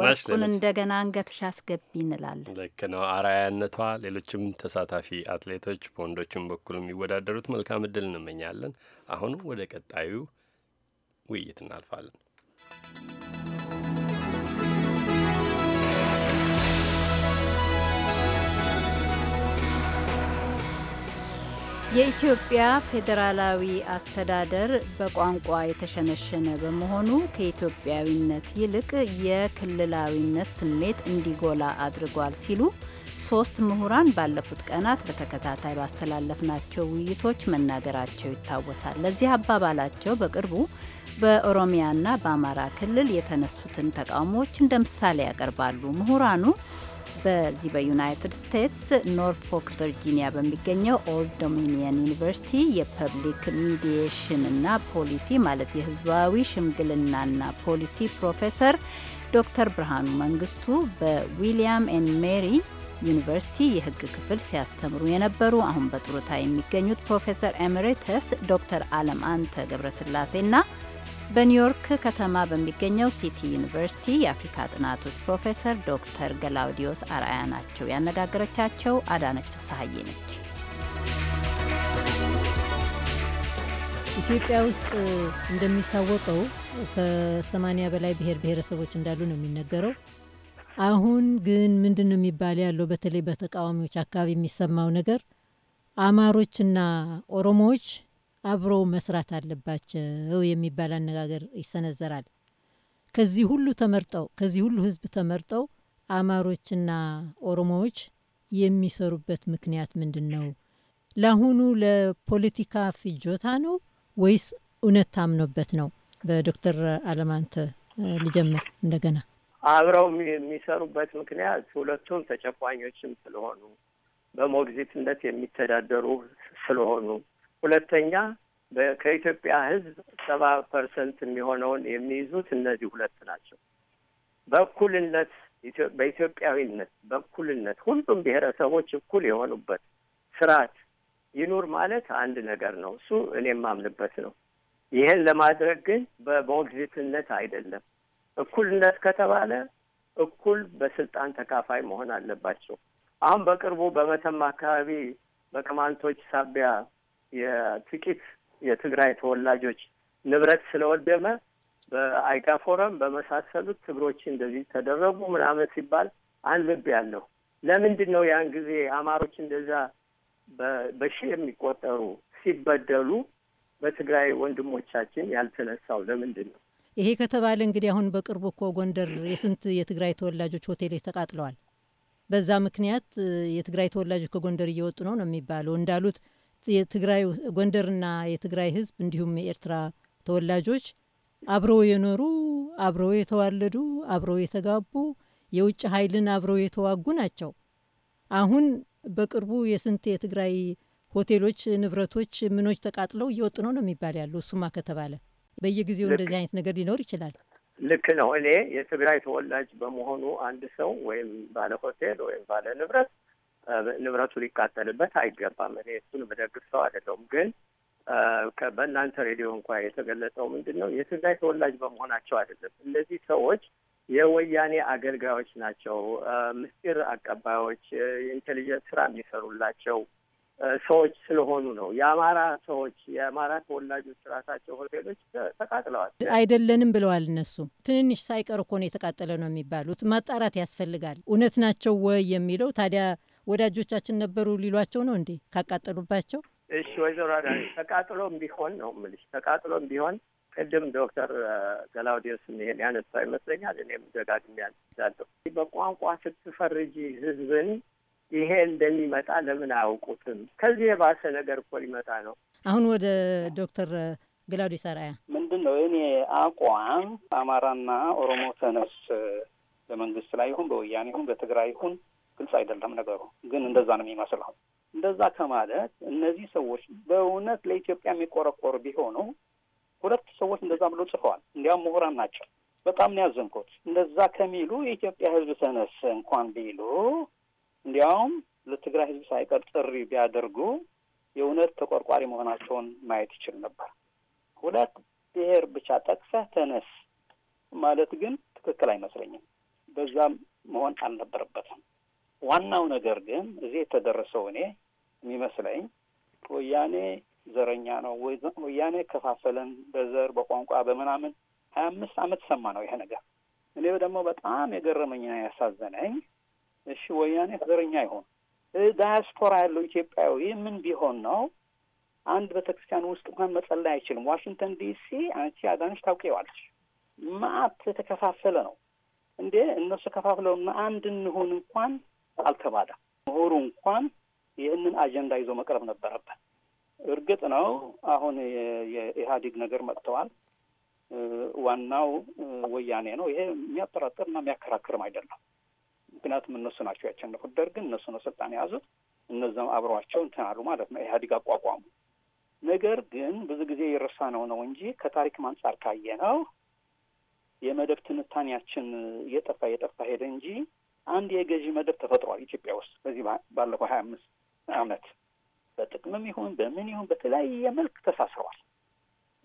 ወርቁን እንደገና አንገትሽ አስገቢ እንላለን። ልክ ነው። አራያነቷ ሌሎችም ተሳታፊ አትሌቶች በወንዶችም በኩል የሚወዳደሩት መልካም እድል እንመኛለን። አሁን ወደ ቀጣዩ ውይይት እናልፋለን። የኢትዮጵያ ፌዴራላዊ አስተዳደር በቋንቋ የተሸነሸነ በመሆኑ ከኢትዮጵያዊነት ይልቅ የክልላዊነት ስሜት እንዲጎላ አድርጓል ሲሉ ሶስት ምሁራን ባለፉት ቀናት በተከታታይ ባስተላለፍናቸው ውይይቶች መናገራቸው ይታወሳል። ለዚህ አባባላቸው በቅርቡ በኦሮሚያና በአማራ ክልል የተነሱትን ተቃውሞዎች እንደ ምሳሌ ያቀርባሉ ምሁራኑ በዚህ በዩናይትድ ስቴትስ ኖርፎክ ቨርጂኒያ በሚገኘው ኦልድ ዶሚኒየን ዩኒቨርሲቲ የፐብሊክ ሚዲየሽንና ፖሊሲ ማለት የሕዝባዊ ሽምግልናና ፖሊሲ ፕሮፌሰር ዶክተር ብርሃኑ መንግስቱ በዊሊያም ኤን ሜሪ ዩኒቨርሲቲ የህግ ክፍል ሲያስተምሩ የነበሩ አሁን በጡረታ የሚገኙት ፕሮፌሰር ኤምሬተስ ዶክተር አለም አንተ ገብረስላሴና በኒውዮርክ ከተማ በሚገኘው ሲቲ ዩኒቨርሲቲ የአፍሪካ ጥናቶች ፕሮፌሰር ዶክተር ገላውዲዮስ አርአያ ናቸው። ያነጋገረቻቸው አዳነች ፍስሀዬ ነች። ኢትዮጵያ ውስጥ እንደሚታወቀው ከሰማንያ በላይ ብሔር ብሔረሰቦች እንዳሉ ነው የሚነገረው። አሁን ግን ምንድን ነው የሚባል ያለው በተለይ በተቃዋሚዎች አካባቢ የሚሰማው ነገር አማሮችና ኦሮሞዎች አብሮ መስራት አለባቸው የሚባል አነጋገር ይሰነዘራል። ከዚህ ሁሉ ተመርጠው ከዚህ ሁሉ ህዝብ ተመርጠው አማሮችና ኦሮሞዎች የሚሰሩበት ምክንያት ምንድን ነው? ለአሁኑ ለፖለቲካ ፍጆታ ነው ወይስ እውነት ታምኖበት ነው? በዶክተር አለማንተ ልጀምር እንደገና። አብረው የሚሰሩበት ምክንያት ሁለቱም ተጨቋኞችም ስለሆኑ በሞግዚትነት የሚተዳደሩ ስለሆኑ ሁለተኛ ከኢትዮጵያ ሕዝብ ሰባ ፐርሰንት የሚሆነውን የሚይዙት እነዚህ ሁለት ናቸው። በእኩልነት በኢትዮጵያዊነት በእኩልነት ሁሉም ብሔረሰቦች እኩል የሆኑበት ስርዓት ይኑር ማለት አንድ ነገር ነው። እሱ እኔ ማምንበት ነው። ይህን ለማድረግ ግን በሞግዚትነት አይደለም። እኩልነት ከተባለ እኩል በስልጣን ተካፋይ መሆን አለባቸው። አሁን በቅርቡ በመተማ አካባቢ በቅማንቶች ሳቢያ የጥቂት የትግራይ ተወላጆች ንብረት ስለወደመ በአይካ ፎረም በመሳሰሉት ትግሮች እንደዚህ ተደረጉ ምናምን ሲባል አንብቤ ያለሁ። ለምንድን ነው ያን ጊዜ አማሮች እንደዛ በሺ የሚቆጠሩ ሲበደሉ በትግራይ ወንድሞቻችን ያልተነሳው ለምንድን ነው? ይሄ ከተባለ እንግዲህ አሁን በቅርቡ እኮ ጎንደር የስንት የትግራይ ተወላጆች ሆቴሎች ተቃጥለዋል። በዛ ምክንያት የትግራይ ተወላጆች ከጎንደር እየወጡ ነው ነው የሚባለው እንዳሉት የትግራይ ጎንደርና የትግራይ ህዝብ እንዲሁም የኤርትራ ተወላጆች አብረው የኖሩ አብረው የተዋለዱ አብረው የተጋቡ የውጭ ኃይልን አብረው የተዋጉ ናቸው። አሁን በቅርቡ የስንት የትግራይ ሆቴሎች፣ ንብረቶች፣ ምኖች ተቃጥለው እየወጡ ነው ነው የሚባል ያሉ እሱማ ከተባለ በየጊዜው እንደዚህ አይነት ነገር ሊኖር ይችላል። ልክ ነው። እኔ የትግራይ ተወላጅ በመሆኑ አንድ ሰው ወይም ባለ ሆቴል ወይም ባለ ንብረት ንብረቱ ሊቃጠልበት አይገባም። እኔ እሱን በደግፍ ሰው አይደለሁም። ግን በእናንተ ሬዲዮ እንኳ የተገለጸው ምንድን ነው የትግራይ ተወላጅ በመሆናቸው አይደለም። እነዚህ ሰዎች የወያኔ አገልጋዮች ናቸው፣ ምስጢር አቀባዮች፣ የኢንቴሊጀንስ ስራ የሚሰሩላቸው ሰዎች ስለሆኑ ነው። የአማራ ሰዎች የአማራ ተወላጆች ራሳቸው ሆቴሎች ተቃጥለዋል አይደለንም ብለዋል። እነሱ ትንንሽ ሳይቀር እኮ ነው የተቃጠለ ነው የሚባሉት። ማጣራት ያስፈልጋል። እውነት ናቸው ወይ የሚለው ታዲያ ወዳጆቻችን ነበሩ ሊሏቸው ነው እንዴ ካቃጠሉባቸው? እሺ ወይዘሮ አዳነች ተቃጥሎም ቢሆን ነው የምልሽ፣ ተቃጥሎም ቢሆን ቅድም ዶክተር ገላውዲዮስ ይሄን ያነሳው ይመስለኛል። እኔም ደጋግሜ ያለው በቋንቋ ስትፈርጂ ህዝብን ይሄ እንደሚመጣ ለምን አያውቁትም? ከዚህ የባሰ ነገር እኮ ሊመጣ ነው። አሁን ወደ ዶክተር ገላውዲዮስ አርአያ ምንድን ነው እኔ አቋም አማራና ኦሮሞ ተነስ በመንግስት ላይ ይሁን በወያኔ ይሁን በትግራይ ይሁን ግልጽ አይደለም ነገሩ፣ ግን እንደዛ ነው የሚመስለው። እንደዛ ከማለት እነዚህ ሰዎች በእውነት ለኢትዮጵያ የሚቆረቆሩ ቢሆኑ ሁለት ሰዎች እንደዛ ብሎ ጽፈዋል። እንዲያውም ምሁራን ናቸው። በጣም ነው ያዘንኩት። እንደዛ ከሚሉ የኢትዮጵያ ሕዝብ ተነስ እንኳን ቢሉ እንዲያውም ለትግራይ ሕዝብ ሳይቀር ጥሪ ቢያደርጉ የእውነት ተቆርቋሪ መሆናቸውን ማየት ይችል ነበር። ሁለት ብሔር ብቻ ጠቅሰህ ተነስ ማለት ግን ትክክል አይመስለኝም። በዛም መሆን አልነበረበትም። ዋናው ነገር ግን እዚህ የተደረሰው እኔ የሚመስለኝ ወያኔ ዘረኛ ነው፣ ወያኔ ከፋፈለን በዘር በቋንቋ በምናምን ሀያ አምስት አመት ሰማ ነው ይሄ ነገር። እኔ ደግሞ በጣም የገረመኝና ያሳዘነኝ እሺ ወያኔ ዘረኛ ይሆን ዳያስፖራ ያለው ኢትዮጵያዊ ምን ቢሆን ነው አንድ ቤተክርስቲያን ውስጥ እንኳን መጸለይ አይችልም። ዋሽንግተን ዲሲ አንቺ አዳነች ታውቂዋለሽ፣ ማአት የተከፋፈለ ነው እንዴ እነሱ ከፋፍለውና አንድ እንሁን እንኳን አልተባለም። ምሁሩ እንኳን ይህንን አጀንዳ ይዞ መቅረብ ነበረበት። እርግጥ ነው አሁን የኢህአዴግ ነገር መጥተዋል። ዋናው ወያኔ ነው። ይሄ የሚያጠራጥር እና የሚያከራክርም አይደለም። ምክንያቱም እነሱ ናቸው ያቸነፉት ደርግን፣ እነሱ ነው ስልጣን የያዙት፣ እነዛም አብረዋቸው እንትን አሉ ማለት ነው። ኢህአዴግ አቋቋሙ። ነገር ግን ብዙ ጊዜ የረሳ ነው ነው እንጂ ከታሪክም አንጻር ካየ ነው የመደብ ትንታኔያችን እየጠፋ እየጠፋ ሄደ እንጂ አንድ የገዢ መደብ ተፈጥሯል ኢትዮጵያ ውስጥ በዚህ ባለፈው ሀያ አምስት አመት በጥቅምም ይሁን በምን ይሁን በተለያየ መልክ ተሳስረዋል።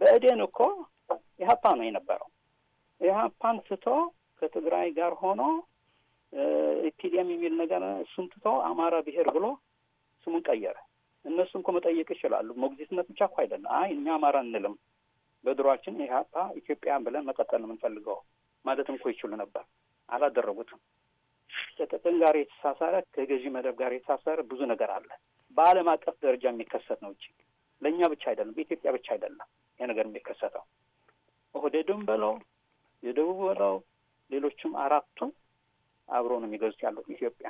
በእዴን እኮ ኢህአፓ ነው የነበረው። ኢህአፓን ትቶ ከትግራይ ጋር ሆኖ ኢፒዲኤም የሚል ነገር እሱም ትቶ አማራ ብሔር ብሎ ስሙን ቀየረ። እነሱ እኮ መጠየቅ ይችላሉ። ሞግዚትነት ብቻ እኮ አይደለም። አይ እኛ አማራ እንልም በድሯችን ኢህአፓ ኢትዮጵያ ብለን መቀጠል የምንፈልገው ማለትም እኮ ይችሉ ነበር። አላደረጉትም። ከቀጠን ጋር የተሳሰረ ከገዢ መደብ ጋር የተሳሰረ ብዙ ነገር አለ። በዓለም አቀፍ ደረጃ የሚከሰት ነው። እጅግ ለእኛ ብቻ አይደለም፣ በኢትዮጵያ ብቻ አይደለም ይህ ነገር የሚከሰተው። ኦህዴድም በለው የደቡብ በለው ሌሎችም አራቱም አብሮ ነው የሚገዙት ያሉ ኢትዮጵያ።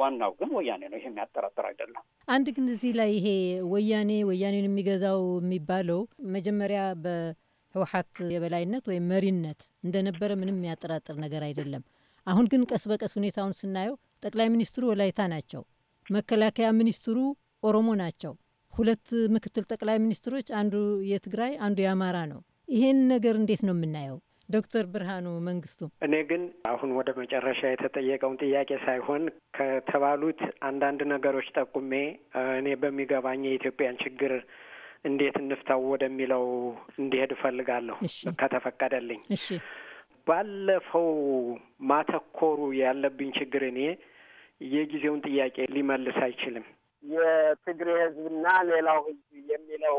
ዋናው ግን ወያኔ ነው። ይህ የሚያጠራጥር አይደለም። አንድ ግን እዚህ ላይ ይሄ ወያኔ ወያኔን የሚገዛው የሚባለው መጀመሪያ በህወሀት የበላይነት ወይም መሪነት እንደነበረ ምንም የሚያጠራጥር ነገር አይደለም። አሁን ግን ቀስ በቀስ ሁኔታውን ስናየው ጠቅላይ ሚኒስትሩ ወላይታ ናቸው፣ መከላከያ ሚኒስትሩ ኦሮሞ ናቸው። ሁለት ምክትል ጠቅላይ ሚኒስትሮች አንዱ የትግራይ አንዱ የአማራ ነው። ይሄን ነገር እንዴት ነው የምናየው? ዶክተር ብርሃኑ መንግስቱ፣ እኔ ግን አሁን ወደ መጨረሻ የተጠየቀውን ጥያቄ ሳይሆን ከተባሉት አንዳንድ ነገሮች ጠቁሜ እኔ በሚገባኝ የኢትዮጵያን ችግር እንዴት እንፍታው ወደሚለው እንዲሄድ እፈልጋለሁ ከተፈቀደልኝ። ባለፈው ማተኮሩ ያለብኝ ችግር እኔ የጊዜውን ጥያቄ ሊመልስ አይችልም። የትግሬ ህዝብና ሌላው ህዝብ የሚለው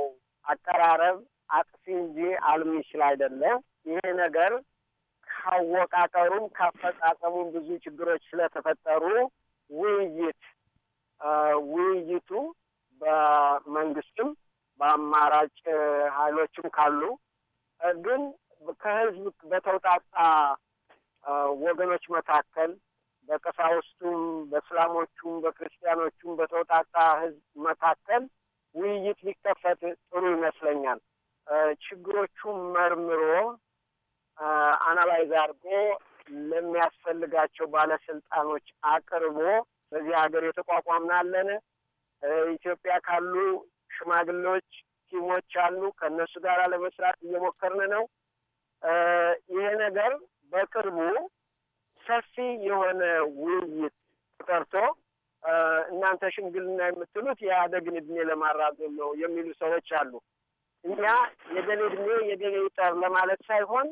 አቀራረብ አጥፊ እንጂ አልሚችል አይደለም። ይሄ ነገር ካወቃቀሩም ካፈጻጸሙም ብዙ ችግሮች ስለተፈጠሩ ውይይት ውይይቱ በመንግስትም በአማራጭ ኃይሎችም ካሉ ግን ከህዝብ በተውጣጣ ወገኖች መካከል በቀሳውስቱም፣ በእስላሞቹም፣ በክርስቲያኖቹም በተውጣጣ ህዝብ መካከል ውይይት ሊከፈት ጥሩ ይመስለኛል። ችግሮቹም መርምሮ አናላይዝ አድርጎ ለሚያስፈልጋቸው ባለስልጣኖች አቅርቦ በዚህ ሀገር የተቋቋምናለን ኢትዮጵያ ካሉ ሽማግሌዎች ቲሞች አሉ። ከእነሱ ጋር ለመስራት እየሞከርን ነው። ይሄ ነገር በቅርቡ ሰፊ የሆነ ውይይት ተጠርቶ እናንተ ሽምግልና የምትሉት የአደግን እድሜ ለማራዘም ነው የሚሉ ሰዎች አሉ። እኛ የገሌ እድሜ የገሌ ይጠር ለማለት ሳይሆን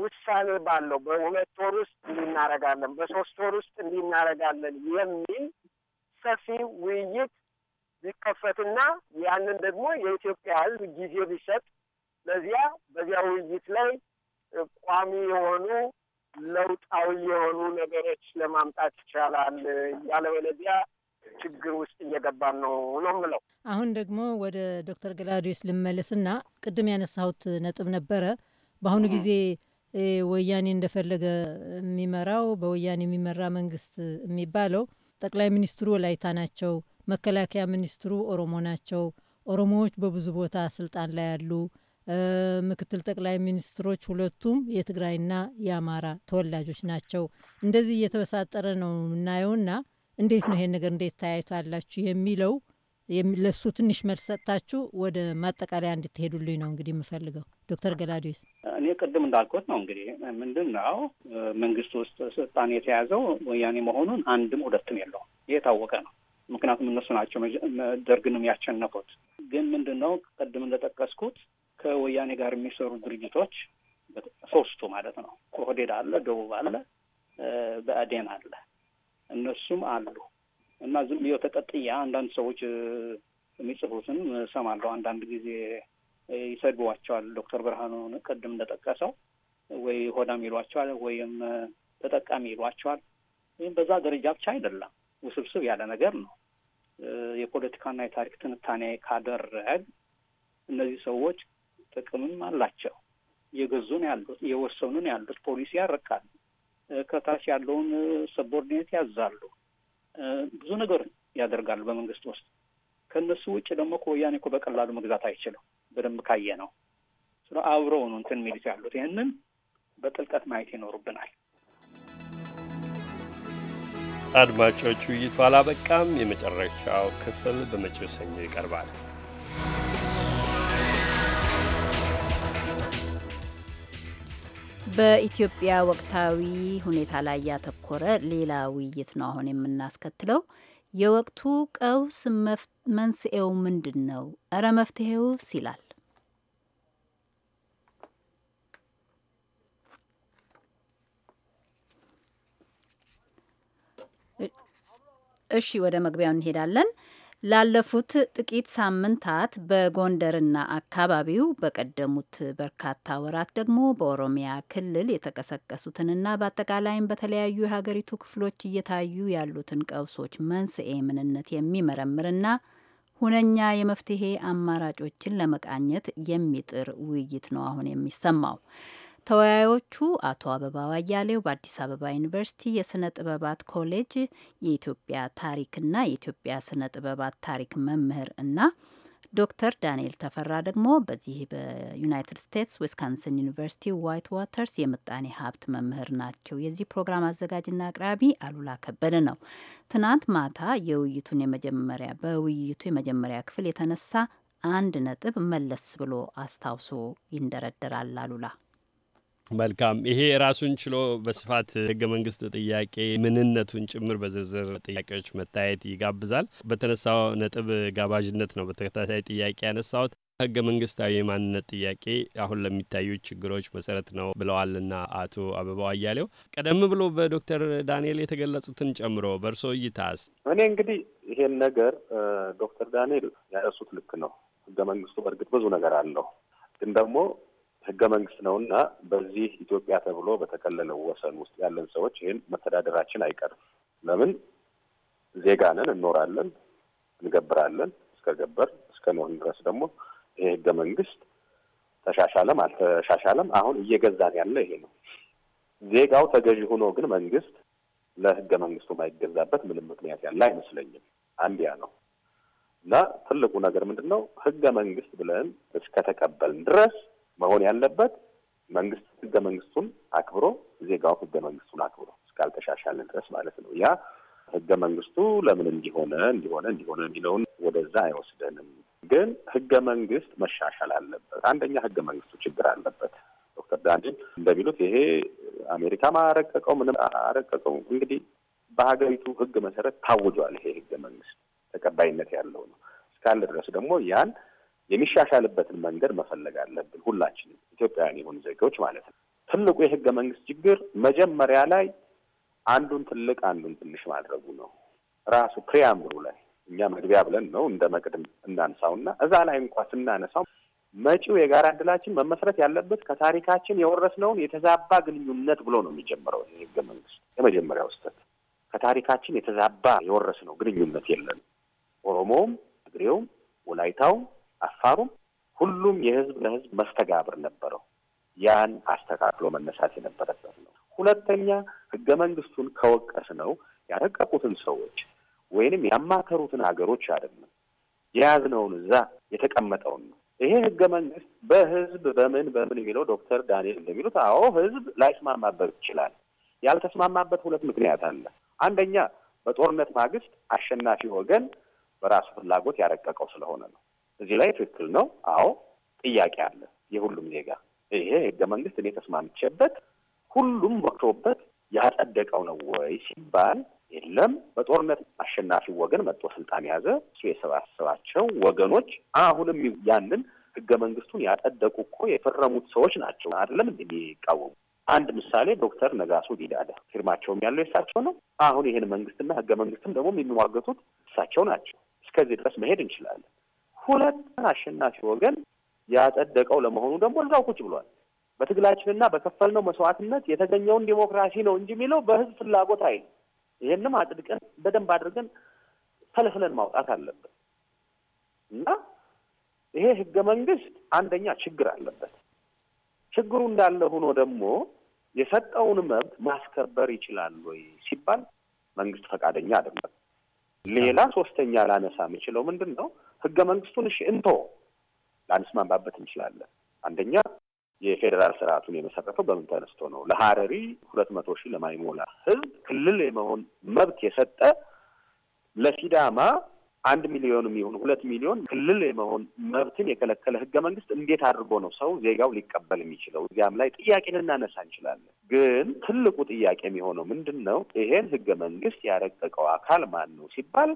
ውሳኔ ባለው በሁለት ወር ውስጥ እንዲናረጋለን፣ በሶስት ወር ውስጥ እንዲናረጋለን የሚል ሰፊ ውይይት ቢከፈትና ያንን ደግሞ የኢትዮጵያ ሕዝብ ጊዜ ቢሰጥ ለዚያ በዚያ ውይይት ላይ ቋሚ የሆኑ ለውጣዊ የሆኑ ነገሮች ለማምጣት ይቻላል። ያለበለዚያ ችግር ውስጥ እየገባን ነው ነው ምለው። አሁን ደግሞ ወደ ዶክተር ገላዲዮስ ልመለስና ቅድም ያነሳሁት ነጥብ ነበረ። በአሁኑ ጊዜ ወያኔ እንደፈለገ የሚመራው በወያኔ የሚመራ መንግስት የሚባለው ጠቅላይ ሚኒስትሩ ወላይታ ናቸው፣ መከላከያ ሚኒስትሩ ኦሮሞ ናቸው። ኦሮሞዎች በብዙ ቦታ ስልጣን ላይ ያሉ ምክትል ጠቅላይ ሚኒስትሮች ሁለቱም የትግራይና የአማራ ተወላጆች ናቸው። እንደዚህ እየተበሳጠረ ነው የምናየውና እንዴት ነው ይሄን ነገር እንዴት ታያዩታላችሁ የሚለው ለሱ ትንሽ መልስ ሰጥታችሁ ወደ ማጠቃለያ እንድትሄዱልኝ ነው እንግዲህ የምፈልገው። ዶክተር ገላዲስ እኔ ቅድም እንዳልኩት ነው እንግዲህ ምንድን ነው መንግስት ውስጥ ስልጣን የተያዘው ወያኔ መሆኑን አንድም ሁለትም የለውም። ይህ የታወቀ ነው። ምክንያቱም እነሱ ናቸው ደርግንም ያቸነፉት። ግን ምንድን ነው ቅድም እንደጠቀስኩት ከወያኔ ጋር የሚሰሩ ድርጅቶች ሶስቱ ማለት ነው። ኦህዴድ አለ፣ ደቡብ አለ፣ በአዴን አለ። እነሱም አሉ እና ዝም ብዬ ተቀጥያ አንዳንድ ሰዎች የሚጽፉትን እሰማለሁ። አንዳንድ ጊዜ ይሰድቧቸዋል። ዶክተር ብርሃኑን ቅድም እንደጠቀሰው ወይ ሆዳም ይሏቸዋል፣ ወይም ተጠቃሚ ይሏቸዋል። ይህም በዛ ደረጃ ብቻ አይደለም፣ ውስብስብ ያለ ነገር ነው። የፖለቲካና የታሪክ ትንታኔ ካደረግ እነዚህ ሰዎች ጥቅምም አላቸው። የገዙን ያሉት የወሰኑን ያሉት ፖሊሲ ያረካሉ፣ ከታች ያለውን ሰቦርዲኔት ያዛሉ። ብዙ ነገር ያደርጋሉ በመንግስት ውስጥ። ከእነሱ ውጭ ደግሞ ከወያኔ እኮ በቀላሉ መግዛት አይችልም። በደንብ ካየ ነው ስለ አብረው ነው እንትን ሚሊት ያሉት። ይህንን በጥልቀት ማየት ይኖሩብናል። አድማጮች፣ ውይይቱ አላበቃም። የመጨረሻው ክፍል በመጪው ሰኞ ይቀርባል። በኢትዮጵያ ወቅታዊ ሁኔታ ላይ ያተኮረ ሌላ ውይይት ነው አሁን የምናስከትለው። የወቅቱ ቀውስ መንስኤው ምንድን ነው? እረ መፍትሄውስ ይላል። እሺ ወደ መግቢያው እንሄዳለን። ላለፉት ጥቂት ሳምንታት በጎንደርና አካባቢው በቀደሙት በርካታ ወራት ደግሞ በኦሮሚያ ክልል የተቀሰቀሱትንና በአጠቃላይም በተለያዩ የሀገሪቱ ክፍሎች እየታዩ ያሉትን ቀውሶች መንስኤ ምንነት የሚመረምርና ሁነኛ የመፍትሄ አማራጮችን ለመቃኘት የሚጥር ውይይት ነው አሁን የሚሰማው። ተወያዮቹ አቶ አበባ ዋያሌው በአዲስ አበባ ዩኒቨርሲቲ የስነ ጥበባት ኮሌጅ የኢትዮጵያ ታሪክና የኢትዮጵያ ስነ ጥበባት ታሪክ መምህር እና ዶክተር ዳንኤል ተፈራ ደግሞ በዚህ በዩናይትድ ስቴትስ ዊስካንሰን ዩኒቨርሲቲ ዋይት ዋተርስ የምጣኔ ሀብት መምህር ናቸው። የዚህ ፕሮግራም አዘጋጅና አቅራቢ አሉላ ከበደ ነው። ትናንት ማታ የውይይቱን የመጀመሪያ በውይይቱ የመጀመሪያ ክፍል የተነሳ አንድ ነጥብ መለስ ብሎ አስታውሶ ይንደረደራል አሉላ መልካም ይሄ ራሱን ችሎ በስፋት ህገ መንግስት ጥያቄ ምንነቱን ጭምር በዝርዝር ጥያቄዎች መታየት ይጋብዛል። በተነሳው ነጥብ ጋባዥነት ነው በተከታታይ ጥያቄ ያነሳሁት። ህገ መንግስታዊ የማንነት ጥያቄ አሁን ለሚታዩ ችግሮች መሰረት ነው ብለዋልና አቶ አበባው አያሌው ቀደም ብሎ በዶክተር ዳንኤል የተገለጹትን ጨምሮ በእርሶ እይታስ? እኔ እንግዲህ ይሄን ነገር ዶክተር ዳንኤል ያነሱት ልክ ነው። ህገ መንግስቱ በእርግጥ ብዙ ነገር አለው፣ ግን ደግሞ ህገ መንግስት ነው እና በዚህ ኢትዮጵያ ተብሎ በተከለለው ወሰን ውስጥ ያለን ሰዎች ይህን መተዳደራችን አይቀርም። ለምን ዜጋ ነን፣ እንኖራለን፣ እንገብራለን። እስከ ገበር እስከ ኖርን ድረስ ደግሞ ይሄ ህገ መንግስት ተሻሻለም አልተሻሻለም አሁን እየገዛን ያለ ይሄ ነው። ዜጋው ተገዢ ሆኖ ግን መንግስት ለህገ መንግስቱ ማይገዛበት ምንም ምክንያት ያለ አይመስለኝም። አንድ ያ ነው እና ትልቁ ነገር ምንድን ነው? ህገ መንግስት ብለን እስከተቀበልን ድረስ መሆን ያለበት መንግስት ህገ መንግስቱን አክብሮ ዜጋው ህገ መንግስቱን አክብሮ እስካልተሻሻለ ድረስ ማለት ነው። ያ ህገ መንግስቱ ለምን እንዲሆነ እንዲሆነ እንዲሆነ የሚለውን ወደዛ አይወስደንም። ግን ህገ መንግስት መሻሻል አለበት። አንደኛ ህገ መንግስቱ ችግር አለበት። ዶክተር ዳንኤል እንደሚሉት ይሄ አሜሪካም አረቀቀው ምንም አረቀቀው እንግዲህ በሀገሪቱ ህግ መሰረት ታውጇል። ይሄ ህገ መንግስት ተቀባይነት ያለው ነው። እስካለ ድረስ ደግሞ ያን የሚሻሻልበትን መንገድ መፈለግ አለብን። ሁላችንም ኢትዮጵያውያን የሆኑ ዜጋዎች ማለት ነው። ትልቁ የህገ መንግስት ችግር መጀመሪያ ላይ አንዱን ትልቅ አንዱን ትንሽ ማድረጉ ነው። ራሱ ፕሪያምብሉ ላይ እኛ መግቢያ ብለን ነው እንደ መቅድም እናንሳውና እዛ ላይ እንኳ ስናነሳው መጪው የጋራ እድላችን መመስረት ያለበት ከታሪካችን የወረስነውን የተዛባ ግንኙነት ብሎ ነው የሚጀምረው የህገ መንግስት የመጀመሪያው ስህተት። ከታሪካችን የተዛባ የወረስነው ግንኙነት የለን። ኦሮሞውም፣ ትግሬውም፣ ወላይታውም አፋሩም ሁሉም የህዝብ ለህዝብ መስተጋብር ነበረው። ያን አስተካክሎ መነሳት የነበረበት ነው። ሁለተኛ ህገ መንግስቱን ከወቀስ ነው ያረቀቁትን ሰዎች ወይንም ያማከሩትን ሀገሮች አይደለም የያዝነውን እዛ የተቀመጠውን ነው። ይሄ ህገ መንግስት በህዝብ በምን በምን የሚለው ዶክተር ዳንኤል እንደሚሉት አዎ ህዝብ ላይስማማበት ይችላል። ያልተስማማበት ሁለት ምክንያት አለ። አንደኛ በጦርነት ማግስት አሸናፊ ወገን በራሱ ፍላጎት ያረቀቀው ስለሆነ ነው። እዚህ ላይ ትክክል ነው። አዎ ጥያቄ አለ የሁሉም ዜጋ ይሄ ህገ መንግስት እኔ ተስማምቼበት ሁሉም መክሮበት ያጸደቀው ነው ወይ ሲባል የለም በጦርነት አሸናፊ ወገን መጥቶ ስልጣን ያዘ። እሱ የሰባሰባቸው ወገኖች አሁንም ያንን ህገ መንግስቱን ያጸደቁ እኮ የፈረሙት ሰዎች ናቸው አይደለም እንደሚቃወሙ አንድ ምሳሌ ዶክተር ነጋሶ ጊዳዳ ፊርማቸውም ያለው የእሳቸው ነው። አሁን ይህን መንግስትና ህገ መንግስትም ደግሞ የሚሟገቱት እሳቸው ናቸው። እስከዚህ ድረስ መሄድ እንችላለን። ሁለት አሸናፊ ወገን ያጸደቀው ለመሆኑ ደግሞ እዛው ቁጭ ብሏል። በትግላችንና በከፈልነው መስዋዕትነት የተገኘውን ዲሞክራሲ ነው እንጂ የሚለው በህዝብ ፍላጎት አይል። ይህንም አጥድቀን በደንብ አድርገን ፈለፍለን ማውጣት አለበት እና ይሄ ህገ መንግስት አንደኛ ችግር አለበት። ችግሩ እንዳለ ሆኖ ደግሞ የሰጠውን መብት ማስከበር ይችላል ወይ ሲባል መንግስት ፈቃደኛ አይደለም። ሌላ ሶስተኛ ላነሳ የምችለው ምንድን ነው ህገ መንግስቱን እሺ እንቶ ላንስማማበት እንችላለን። አንደኛ የፌዴራል ስርዓቱን የመሰረተው በምን ተነስቶ ነው? ለሀረሪ ሁለት መቶ ሺህ ለማይሞላ ህዝብ ክልል የመሆን መብት የሰጠ ለሲዳማ አንድ ሚሊዮንም ይሁን ሁለት ሚሊዮን ክልል የመሆን መብትን የከለከለ ህገ መንግስት እንዴት አድርጎ ነው ሰው ዜጋው ሊቀበል የሚችለው? እዚያም ላይ ጥያቄ ልናነሳ እንችላለን። ግን ትልቁ ጥያቄ የሚሆነው ምንድን ነው? ይሄን ህገ መንግስት ያረቀቀው አካል ማን ነው ሲባል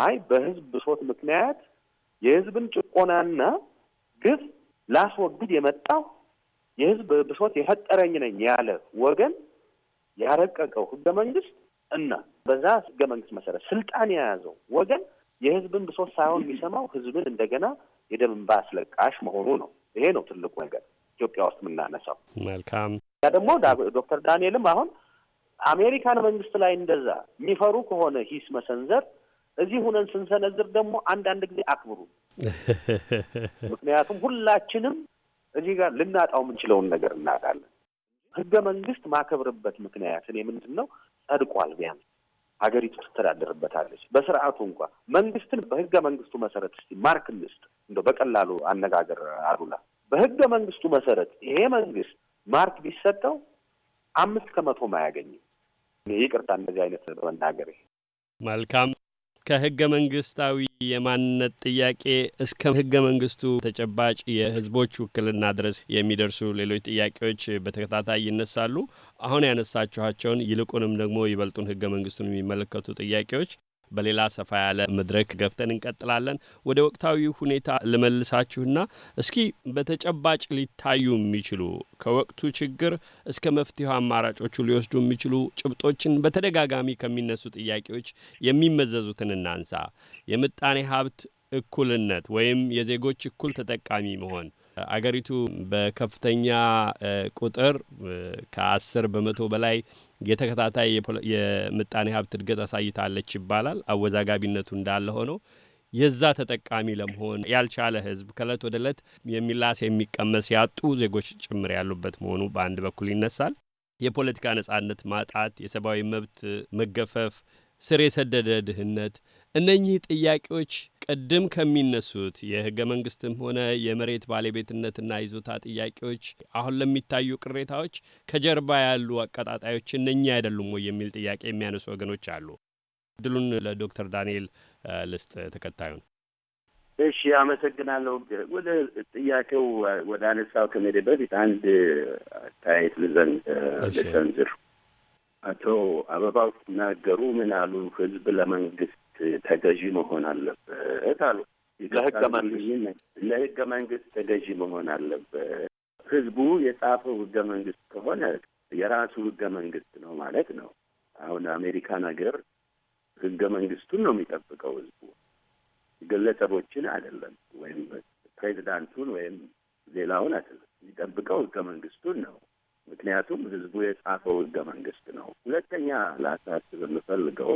አይ በህዝብ ብሶት ምክንያት የህዝብን ጭቆናና ግፍ ላስወግድ የመጣው የህዝብ ብሶት የፈጠረኝ ነኝ ያለ ወገን ያረቀቀው ህገ መንግስት እና በዛ ህገ መንግስት መሰረት ስልጣን የያዘው ወገን የህዝብን ብሶት ሳይሆን የሚሰማው ህዝብን እንደገና የደም እንባ አስለቃሽ መሆኑ ነው። ይሄ ነው ትልቁ ነገር ኢትዮጵያ ውስጥ የምናነሳው። መልካም ያ ደግሞ ዶክተር ዳንኤልም አሁን አሜሪካን መንግስት ላይ እንደዛ የሚፈሩ ከሆነ ሂስ መሰንዘር እዚህ ሁነን ስንሰነዝር ደግሞ አንዳንድ ጊዜ አክብሩ። ምክንያቱም ሁላችንም እዚህ ጋር ልናጣው የምንችለውን ነገር እናጣለን። ህገ መንግስት ማከብርበት ምክንያት እኔ ምንድን ነው ጸድቋል። ቢያንስ ሀገሪቱ ትተዳደርበታለች። በስርዓቱ እንኳ መንግስትን በህገ መንግስቱ መሰረት እስቲ ማርክ እንስጥ። እንደ በቀላሉ አነጋገር አሉላ በህገ መንግስቱ መሰረት ይሄ መንግስት ማርክ ቢሰጠው አምስት ከመቶ አያገኝም። ይቅርታ እንደዚህ አይነት በመናገር መልካም ከህገ መንግስታዊ የማንነት ጥያቄ እስከ ህገ መንግስቱ ተጨባጭ የህዝቦች ውክልና ድረስ የሚደርሱ ሌሎች ጥያቄዎች በተከታታይ ይነሳሉ። አሁን ያነሳችኋቸውን ይልቁንም ደግሞ ይበልጡን ህገ መንግስቱን የሚመለከቱ ጥያቄዎች በሌላ ሰፋ ያለ መድረክ ገፍተን እንቀጥላለን። ወደ ወቅታዊ ሁኔታ ልመልሳችሁና እስኪ በተጨባጭ ሊታዩ የሚችሉ ከወቅቱ ችግር እስከ መፍትሄ አማራጮቹ ሊወስዱ የሚችሉ ጭብጦችን በተደጋጋሚ ከሚነሱ ጥያቄዎች የሚመዘዙትን እናንሳ። የምጣኔ ሀብት እኩልነት ወይም የዜጎች እኩል ተጠቃሚ መሆን አገሪቱ በከፍተኛ ቁጥር ከአስር በመቶ በላይ የተከታታይ የምጣኔ ሀብት እድገት አሳይታለች ይባላል። አወዛጋቢነቱ እንዳለ ሆኖ የዛ ተጠቃሚ ለመሆን ያልቻለ ህዝብ ከእለት ወደ ዕለት የሚላስ የሚቀመስ ያጡ ዜጎች ጭምር ያሉበት መሆኑ በአንድ በኩል ይነሳል። የፖለቲካ ነጻነት ማጣት፣ የሰብአዊ መብት መገፈፍ ስር የሰደደ ድህነት፣ እነኚህ ጥያቄዎች ቅድም ከሚነሱት የህገ መንግስትም ሆነ የመሬት ባለቤትነትና ይዞታ ጥያቄዎች አሁን ለሚታዩ ቅሬታዎች ከጀርባ ያሉ አቀጣጣዮች እነኚህ አይደሉም ወይ የሚል ጥያቄ የሚያነሱ ወገኖች አሉ። እድሉን ለዶክተር ዳንኤል ልስጥ ተከታዩን። እሺ፣ አመሰግናለሁ። ወደ ጥያቄው ወደ አነሳው ከመሄድ በፊት አንድ አስተያየት ልዘን ልሰንዝር አቶ አበባው ሲናገሩ ምን አሉ? ህዝብ ለመንግስት ተገዢ መሆን አለበት አሉ። ለህገ መንግስት ለህገ መንግስት ተገዢ መሆን አለበት። ህዝቡ የጻፈው ህገ መንግስት ከሆነ የራሱ ህገ መንግስት ነው ማለት ነው። አሁን አሜሪካን ሀገር ህገ መንግስቱን ነው የሚጠብቀው ህዝቡ፣ ግለሰቦችን አይደለም፣ ወይም ፕሬዚዳንቱን ወይም ሌላውን አይደለም። የሚጠብቀው ህገ መንግስቱን ነው። ምክንያቱም ህዝቡ የጻፈው ህገ መንግስት ነው። ሁለተኛ ላሳስብ የምፈልገው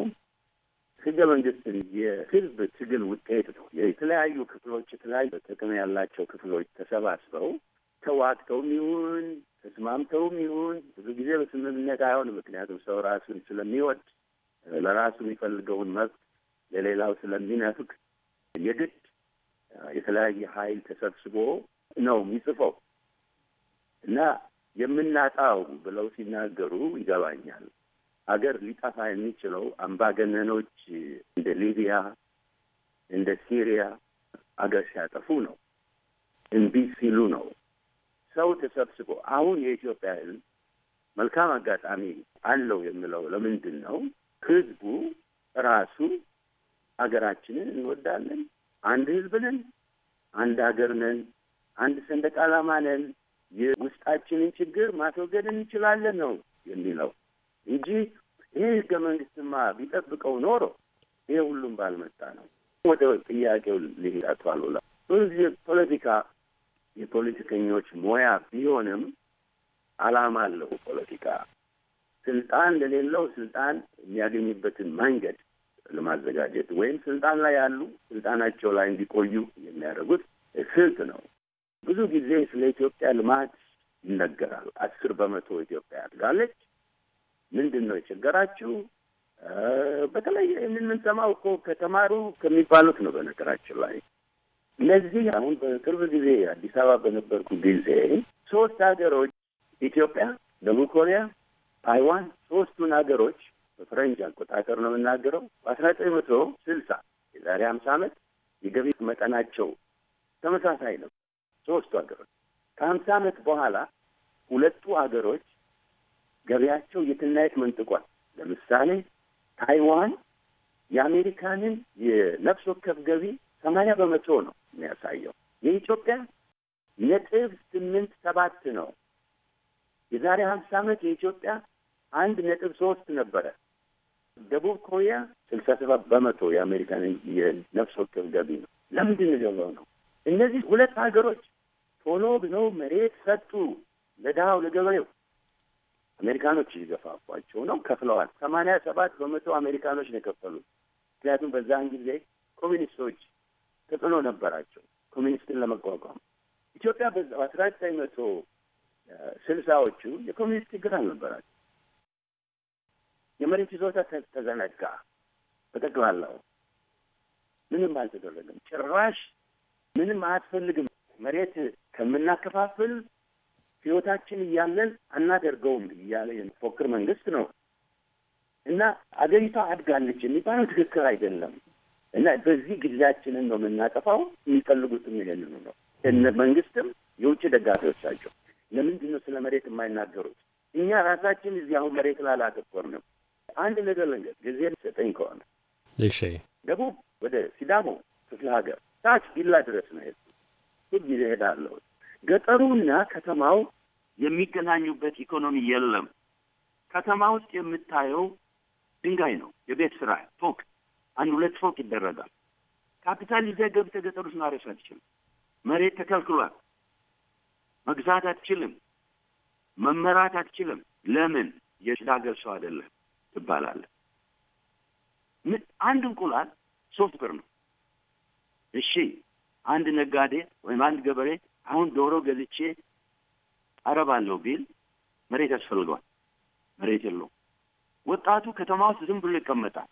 ህገ መንግስት የህዝብ ትግል ውጤት ነው። የተለያዩ ክፍሎች የተለያዩ ጥቅም ያላቸው ክፍሎች ተሰባስበው ተዋግተውም ይሁን ተስማምተውም ይሁን ብዙ ጊዜ በስምምነት አይሆንም። ምክንያቱም ሰው ራሱን ስለሚወድ ለራሱ የሚፈልገውን መብት ለሌላው ስለሚነፍግ የግድ የተለያየ ኃይል ተሰብስቦ ነው የሚጽፈው እና የምናጣው ብለው ሲናገሩ ይገባኛል። ሀገር ሊጠፋ የሚችለው አምባገነኖች እንደ ሊቢያ እንደ ሲሪያ ሀገር ሲያጠፉ ነው፣ እምቢ ሲሉ ነው። ሰው ተሰብስቦ አሁን የኢትዮጵያ ሕዝብ መልካም አጋጣሚ አለው የምለው ለምንድን ነው? ህዝቡ ራሱ ሀገራችንን እንወዳለን፣ አንድ ህዝብ ነን፣ አንድ ሀገር ነን፣ አንድ ሰንደቅ ዓላማ ነን የውስጣችንን ችግር ማስወገድ እንችላለን ነው የሚለው እንጂ ይህ ህገ መንግስትማ ቢጠብቀው ኖሮ ይሄ ሁሉም ባልመጣ ነው። ወደ ጥያቄው ልሄድ አቶ አሉላ፣ ብዙ ጊዜ ፖለቲካ የፖለቲከኞች ሙያ ቢሆንም አላማ አለው። ፖለቲካ ስልጣን ለሌለው ስልጣን የሚያገኝበትን መንገድ ለማዘጋጀት ወይም ስልጣን ላይ ያሉ ስልጣናቸው ላይ እንዲቆዩ የሚያደርጉት ስልት ነው። ብዙ ጊዜ ስለ ኢትዮጵያ ልማት ይነገራል። አስር በመቶ ኢትዮጵያ ያድጋለች። ምንድን ነው የቸገራችሁ? በተለይ የምንሰማው እኮ ከተማሩ ከሚባሉት ነው። በነገራችን ላይ እነዚህ አሁን በቅርብ ጊዜ አዲስ አበባ በነበርኩ ጊዜ ሶስት ሀገሮች ኢትዮጵያ፣ ደቡብ ኮሪያ፣ ታይዋን ሶስቱን ሀገሮች በፈረንጅ አቆጣጠር ነው የምናገረው በአስራ ዘጠኝ መቶ ስልሳ የዛሬ ሀምሳ ዓመት የገቢ መጠናቸው ተመሳሳይ ነው። ሶስቱ ሀገሮች ከሀምሳ ዓመት በኋላ ሁለቱ ሀገሮች ገበያቸው የትና የት መንጥቋል። ለምሳሌ ታይዋን የአሜሪካንን የነፍስ ወከፍ ገቢ ሰማንያ በመቶ ነው የሚያሳየው። የኢትዮጵያ ነጥብ ስምንት ሰባት ነው። የዛሬ ሀምሳ ዓመት የኢትዮጵያ አንድ ነጥብ ሶስት ነበረ። ደቡብ ኮሪያ ስልሳ ሰባት በመቶ የአሜሪካንን የነፍስ ወከፍ ገቢ ነው። ለምንድን ነው ነው እነዚህ ሁለት ሀገሮች ሆኖ ብለው መሬት ሰጡ ለድሃው ለገበሬው። አሜሪካኖች ይገፋፏቸው ነው ከፍለዋል። ሰማንያ ሰባት በመቶ አሜሪካኖች ነው የከፈሉት። ምክንያቱም በዛን ጊዜ ኮሚኒስቶች ተጽዕኖ ነበራቸው ኮሚኒስትን ለመቋቋም። ኢትዮጵያ በአስራ ዘጠኝ መቶ ስልሳዎቹ የኮሚኒስት ችግር አልነበራቸው። የመሬት ይዞታ ተዘነጋ በጠቅላላው ምንም አልተደረገም። ጭራሽ ምንም አያስፈልግም መሬት ከምናከፋፍል ህይወታችን እያለን አናደርገውም እያለ የሚፎክር መንግስት ነው እና አገሪቷ አድጋለች የሚባለው ትክክል አይደለም። እና በዚህ ጊዜያችንን ነው የምናጠፋው። የሚፈልጉትም ይሄንኑ ነው። እነ መንግስትም የውጭ ደጋፊዎች ናቸው። ለምንድን ነው ስለ መሬት የማይናገሩት? እኛ ራሳችን እዚህ አሁን መሬት ላይ አላተኮርንም። አንድ ነገር ልንገር፣ ጊዜ ሰጠኝ ከሆነ እሺ። ደቡብ ወደ ሲዳሞ ክፍለ ሀገር ታች ቢላ ድረስ ነው ሄዱ ሁልጊዜ እሄዳለሁ። ገጠሩና ከተማው የሚገናኙበት ኢኮኖሚ የለም። ከተማ ውስጥ የምታየው ድንጋይ ነው። የቤት ስራ ፎቅ፣ አንድ ሁለት ፎቅ ይደረጋል። ካፒታል ይዘህ ገብተህ ገጠር ውስጥ ማረስ አትችልም። መሬት ተከልክሏል። መግዛት አትችልም። መመራት አትችልም። ለምን? የሽዳ ሰው አይደለም ትባላለህ። አንድ እንቁላል ሶስት ብር ነው። እሺ አንድ ነጋዴ ወይም አንድ ገበሬ አሁን ዶሮ ገዝቼ አረባለሁ ቢል መሬት ያስፈልገዋል። መሬት የለውም። ወጣቱ ከተማ ውስጥ ዝም ብሎ ይቀመጣል።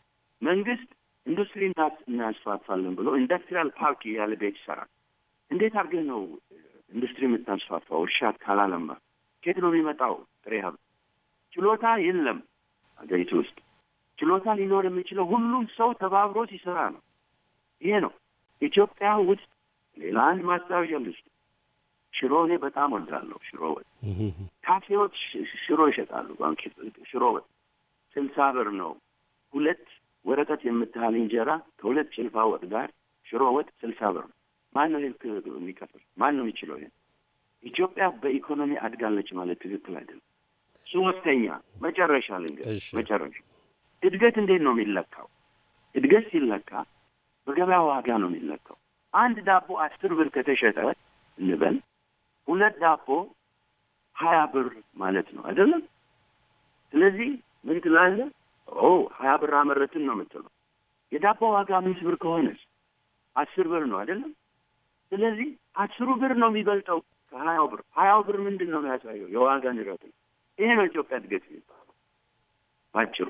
መንግስት ኢንዱስትሪ እናስፋፋለን ብሎ ኢንዱስትሪያል ፓርክ ያለ ቤት ይሰራል። እንዴት አድርገህ ነው ኢንዱስትሪ የምታስፋፋው? እርሻ ካላለማ ከየት ነው የሚመጣው ጥሬ ሀብት? ችሎታ የለም ሀገሪቱ ውስጥ። ችሎታ ሊኖር የሚችለው ሁሉም ሰው ተባብሮ ሲሰራ ነው። ይሄ ነው ኢትዮጵያ ውስጥ ሌላ አንድ ማስታወሻ ልስጥ። ሽሮ እኔ በጣም ወዳለሁ። ሽሮ ወጥ ካፌዎች ሽሮ ይሸጣሉ። ባንኬት ሽሮ ወጥ ስልሳ ብር ነው። ሁለት ወረቀት የምትሃል እንጀራ ከሁለት ጭልፋ ወጥ ጋር ሽሮ ወጥ ስልሳ ብር ነው። ማን ነው የሚከፍል? ማን ነው የሚችለው? ይሄን ኢትዮጵያ በኢኮኖሚ አድጋለች ማለት ትክክል አይደለም። እሱ ወስተኛ መጨረሻ ልንገርህ፣ መጨረሻ እድገት እንዴት ነው የሚለካው? እድገት ሲለካ በገበያ ዋጋ ነው የሚለካው። አንድ ዳቦ አስር ብር ከተሸጠ እንበል ሁለት ዳቦ ሀያ ብር ማለት ነው አይደለም? ስለዚህ ምን ትላለ ኦ ሀያ ብር አመረትን ነው የምትለው። የዳቦ ዋጋ አምስት ብር ከሆነስ አስር ብር ነው አይደለም? ስለዚህ አስሩ ብር ነው የሚበልጠው ከሀያው ብር። ሀያው ብር ምንድን ነው የሚያሳየው? የዋጋ ንረት ነው። ይሄ ነው ኢትዮጵያ እድገት የሚባለው ባጭሩ።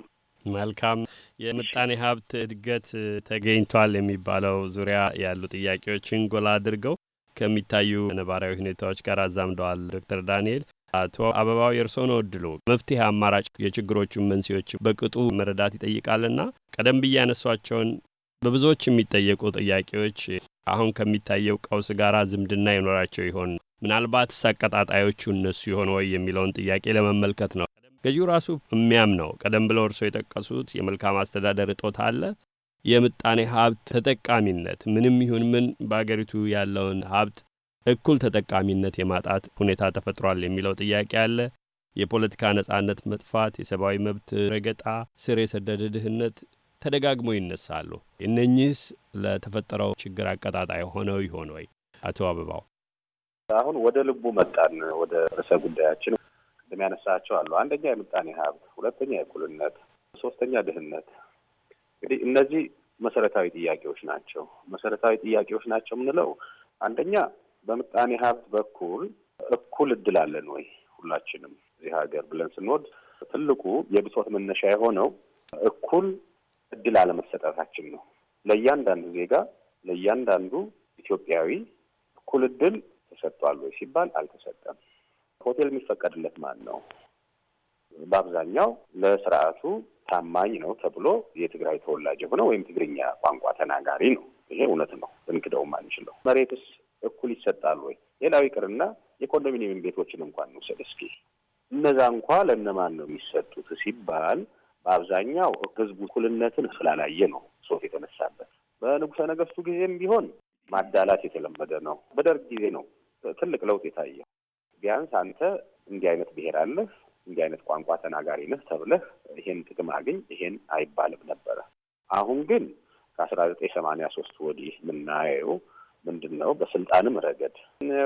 መልካም የምጣኔ ሀብት እድገት ተገኝቷል የሚባለው ዙሪያ ያሉ ጥያቄዎችን ጎላ አድርገው ከሚታዩ ነባራዊ ሁኔታዎች ጋር አዛምደዋል ዶክተር ዳንኤል። አቶ አበባው የእርስዎ ነው እድሉ። መፍትሄ አማራጭ የችግሮቹን መንስኤዎች በቅጡ መረዳት ይጠይቃልና ቀደም ብዬ ያነሷቸውን በብዙዎች የሚጠየቁ ጥያቄዎች አሁን ከሚታየው ቀውስ ጋር ዝምድና ይኖራቸው ይሆን? ምናልባትስ አቀጣጣዮቹ እነሱ ይሆን ወይ የሚለውን ጥያቄ ለመመልከት ነው ገዢው ራሱ የሚያምነው ቀደም ብለው እርስዎ የጠቀሱት የመልካም አስተዳደር እጦት አለ። የምጣኔ ሀብት ተጠቃሚነት ምንም ይሁን ምን በአገሪቱ ያለውን ሀብት እኩል ተጠቃሚነት የማጣት ሁኔታ ተፈጥሯል የሚለው ጥያቄ አለ። የፖለቲካ ነጻነት መጥፋት፣ የሰብአዊ መብት ረገጣ፣ ስር የሰደደ ድህነት ተደጋግሞ ይነሳሉ። እነኚህስ ለተፈጠረው ችግር አቀጣጣይ ሆነው ይሆን ወይ? አቶ አበባው፣ አሁን ወደ ልቡ መጣን። ወደ ርዕሰ ጉዳያችን የሚያነሳቸው አሉ። አንደኛ የምጣኔ ሀብት፣ ሁለተኛ የእኩልነት፣ ሶስተኛ ድህነት። እንግዲህ እነዚህ መሰረታዊ ጥያቄዎች ናቸው። መሰረታዊ ጥያቄዎች ናቸው የምንለው አንደኛ በምጣኔ ሀብት በኩል እኩል እድል አለን ወይ ሁላችንም እዚህ ሀገር ብለን ስንወድ ትልቁ የብሶት መነሻ የሆነው እኩል እድል አለመሰጠታችን ነው። ለእያንዳንዱ ዜጋ ለእያንዳንዱ ኢትዮጵያዊ እኩል እድል ተሰጥቷል ወይ ሲባል አልተሰጠም። ሆቴል የሚፈቀድለት ማን ነው? በአብዛኛው ለስርዓቱ ታማኝ ነው ተብሎ የትግራይ ተወላጅ የሆነ ወይም ትግርኛ ቋንቋ ተናጋሪ ነው። ይሄ እውነት ነው፣ እንክደውም አንችለው። መሬትስ እኩል ይሰጣል ወይ? ሌላው ይቅርና የኮንዶሚኒየም ቤቶችን እንኳን እንውሰድ እስኪ። እነዛ እንኳ ለእነማን ነው የሚሰጡት ሲባል በአብዛኛው ህዝቡ እኩልነትን ስላላየ ነው ሶት የተነሳበት። በንጉሠ ነገሥቱ ጊዜም ቢሆን ማዳላት የተለመደ ነው። በደርግ ጊዜ ነው ትልቅ ለውጥ የታየው። ቢያንስ አንተ እንዲህ አይነት ብሔር አለህ፣ እንዲህ አይነት ቋንቋ ተናጋሪ ነህ ተብለህ ይሄን ጥቅም አግኝ፣ ይሄን አይባልም ነበረ። አሁን ግን ከአስራ ዘጠኝ ሰማንያ ሶስት ወዲህ የምናየው ምንድን ነው? በስልጣንም ረገድ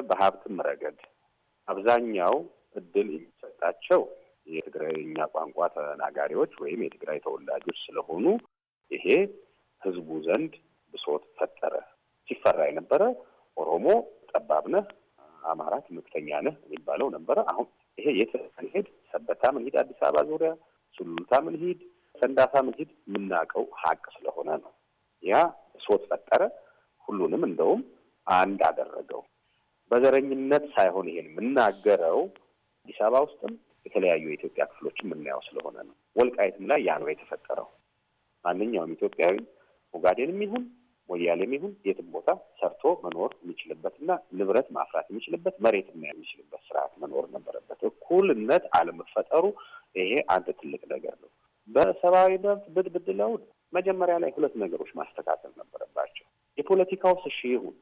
በሀብትም ረገድ አብዛኛው እድል የሚሰጣቸው የትግራይኛ ቋንቋ ተናጋሪዎች ወይም የትግራይ ተወላጆች ስለሆኑ ይሄ ህዝቡ ዘንድ ብሶት ፈጠረ። ሲፈራ የነበረ ኦሮሞ ጠባብ ነህ፣ አማራ ትምክተኛ ነህ የሚባለው ነበረ። አሁን ይሄ የት ሰበታ ምንሄድ፣ አዲስ አበባ ዙሪያ ሱሉልታ ምንሄድ፣ ሰንዳሳ ምንሄድ የምናውቀው ሀቅ ስለሆነ ነው። ያ ሶት ፈጠረ። ሁሉንም እንደውም አንድ አደረገው። በዘረኝነት ሳይሆን ይሄን የምናገረው አዲስ አበባ ውስጥም የተለያዩ የኢትዮጵያ ክፍሎችን የምናየው ስለሆነ ነው። ወልቃይትም ላይ ያ ነው የተፈጠረው። ማንኛውም ኢትዮጵያዊ ኦጋዴንም ይሁን ሞያሌም ይሁን የትም ቦታ ሰርቶ መኖር የሚችልበት እና ንብረት ማፍራት የሚችልበት መሬት የሚችልበት ስርዓት መኖር ነበረበት። እኩልነት አለመፈጠሩ ይሄ አንድ ትልቅ ነገር ነው። በሰብአዊ መብት ብትለውን መጀመሪያ ላይ ሁለት ነገሮች ማስተካከል ነበረባቸው። የፖለቲካው ስሺ ይሁን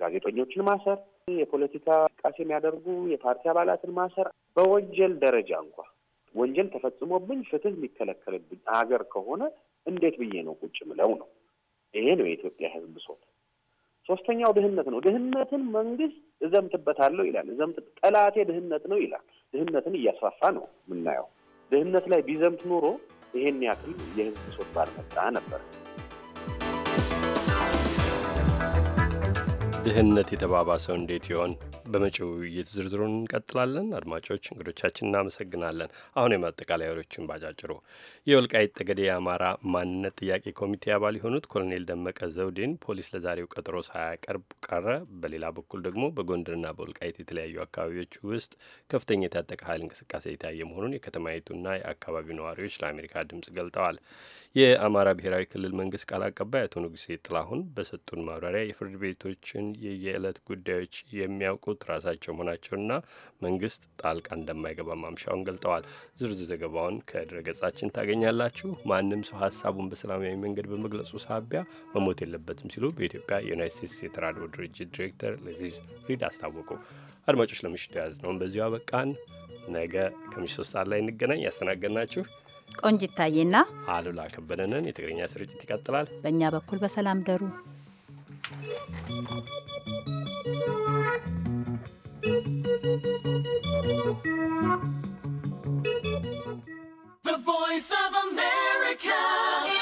ጋዜጠኞችን ማሰር፣ የፖለቲካ እንቅስቃሴ የሚያደርጉ የፓርቲ አባላትን ማሰር፣ በወንጀል ደረጃ እንኳ ወንጀል ተፈጽሞብኝ ፍትህ የሚከለከልብኝ ሀገር ከሆነ እንዴት ብዬ ነው ቁጭ ምለው ነው ይሄ ነው የኢትዮጵያ ህዝብ ሶት። ሶስተኛው ድህነት ነው። ድህነትን መንግስት እዘምትበታለሁ ይላል። እዘምት ጠላቴ ድህነት ነው ይላል። ድህነትን እያስፋፋ ነው የምናየው። ድህነት ላይ ቢዘምት ኖሮ ይሄን ያክል የህዝብ ሶት ባልመጣ ነበር። ድህነት የተባባሰው እንዴት ይሆን? በመጪው ውይይት ዝርዝሩን እንቀጥላለን። አድማጮች እንግዶቻችን እናመሰግናለን። አሁን የማጠቃለያ ወሬዎችን ባጫጭሩ የወልቃይት ጠገዴ የአማራ ማንነት ጥያቄ ኮሚቴ አባል የሆኑት ኮሎኔል ደመቀ ዘውዴን ፖሊስ ለዛሬው ቀጠሮ ሳያቀርብ ቀረ። በሌላ በኩል ደግሞ በጎንደርና በወልቃይት የተለያዩ አካባቢዎች ውስጥ ከፍተኛ የታጠቀ ኃይል እንቅስቃሴ የታየ መሆኑን የከተማይቱና የአካባቢው ነዋሪዎች ለአሜሪካ ድምጽ ገልጠዋል። የአማራ ብሔራዊ ክልል መንግስት ቃል አቀባይ አቶ ንጉሴ ጥላሁን በሰጡን ማብራሪያ የፍርድ ቤቶችን የየዕለት ጉዳዮች የሚያውቁት ራሳቸው መሆናቸውና መንግስት ጣልቃ እንደማይገባ ማምሻውን ገልጠዋል። ዝርዝር ዘገባውን ከድረገጻችን ታገኛላችሁ። ማንም ሰው ሀሳቡን በሰላማዊ መንገድ በመግለጹ ሳቢያ መሞት የለበትም ሲሉ በኢትዮጵያ የዩናይት ስቴትስ የተራድኦ ድርጅት ዲሬክተር ሌዚዝ ሪድ አስታወቁ። አድማጮች ለምሽቱ የያዝነውን በዚሁ አበቃን። ነገ ከምሽቱ ሶስት ሰዓት ላይ እንገናኝ። ያስተናገድናችሁ ይታየና አሉላ ከበደንን። የትግርኛ ስርጭት ይቀጥላል። በእኛ በኩል በሰላም ደሩ። The Voice of America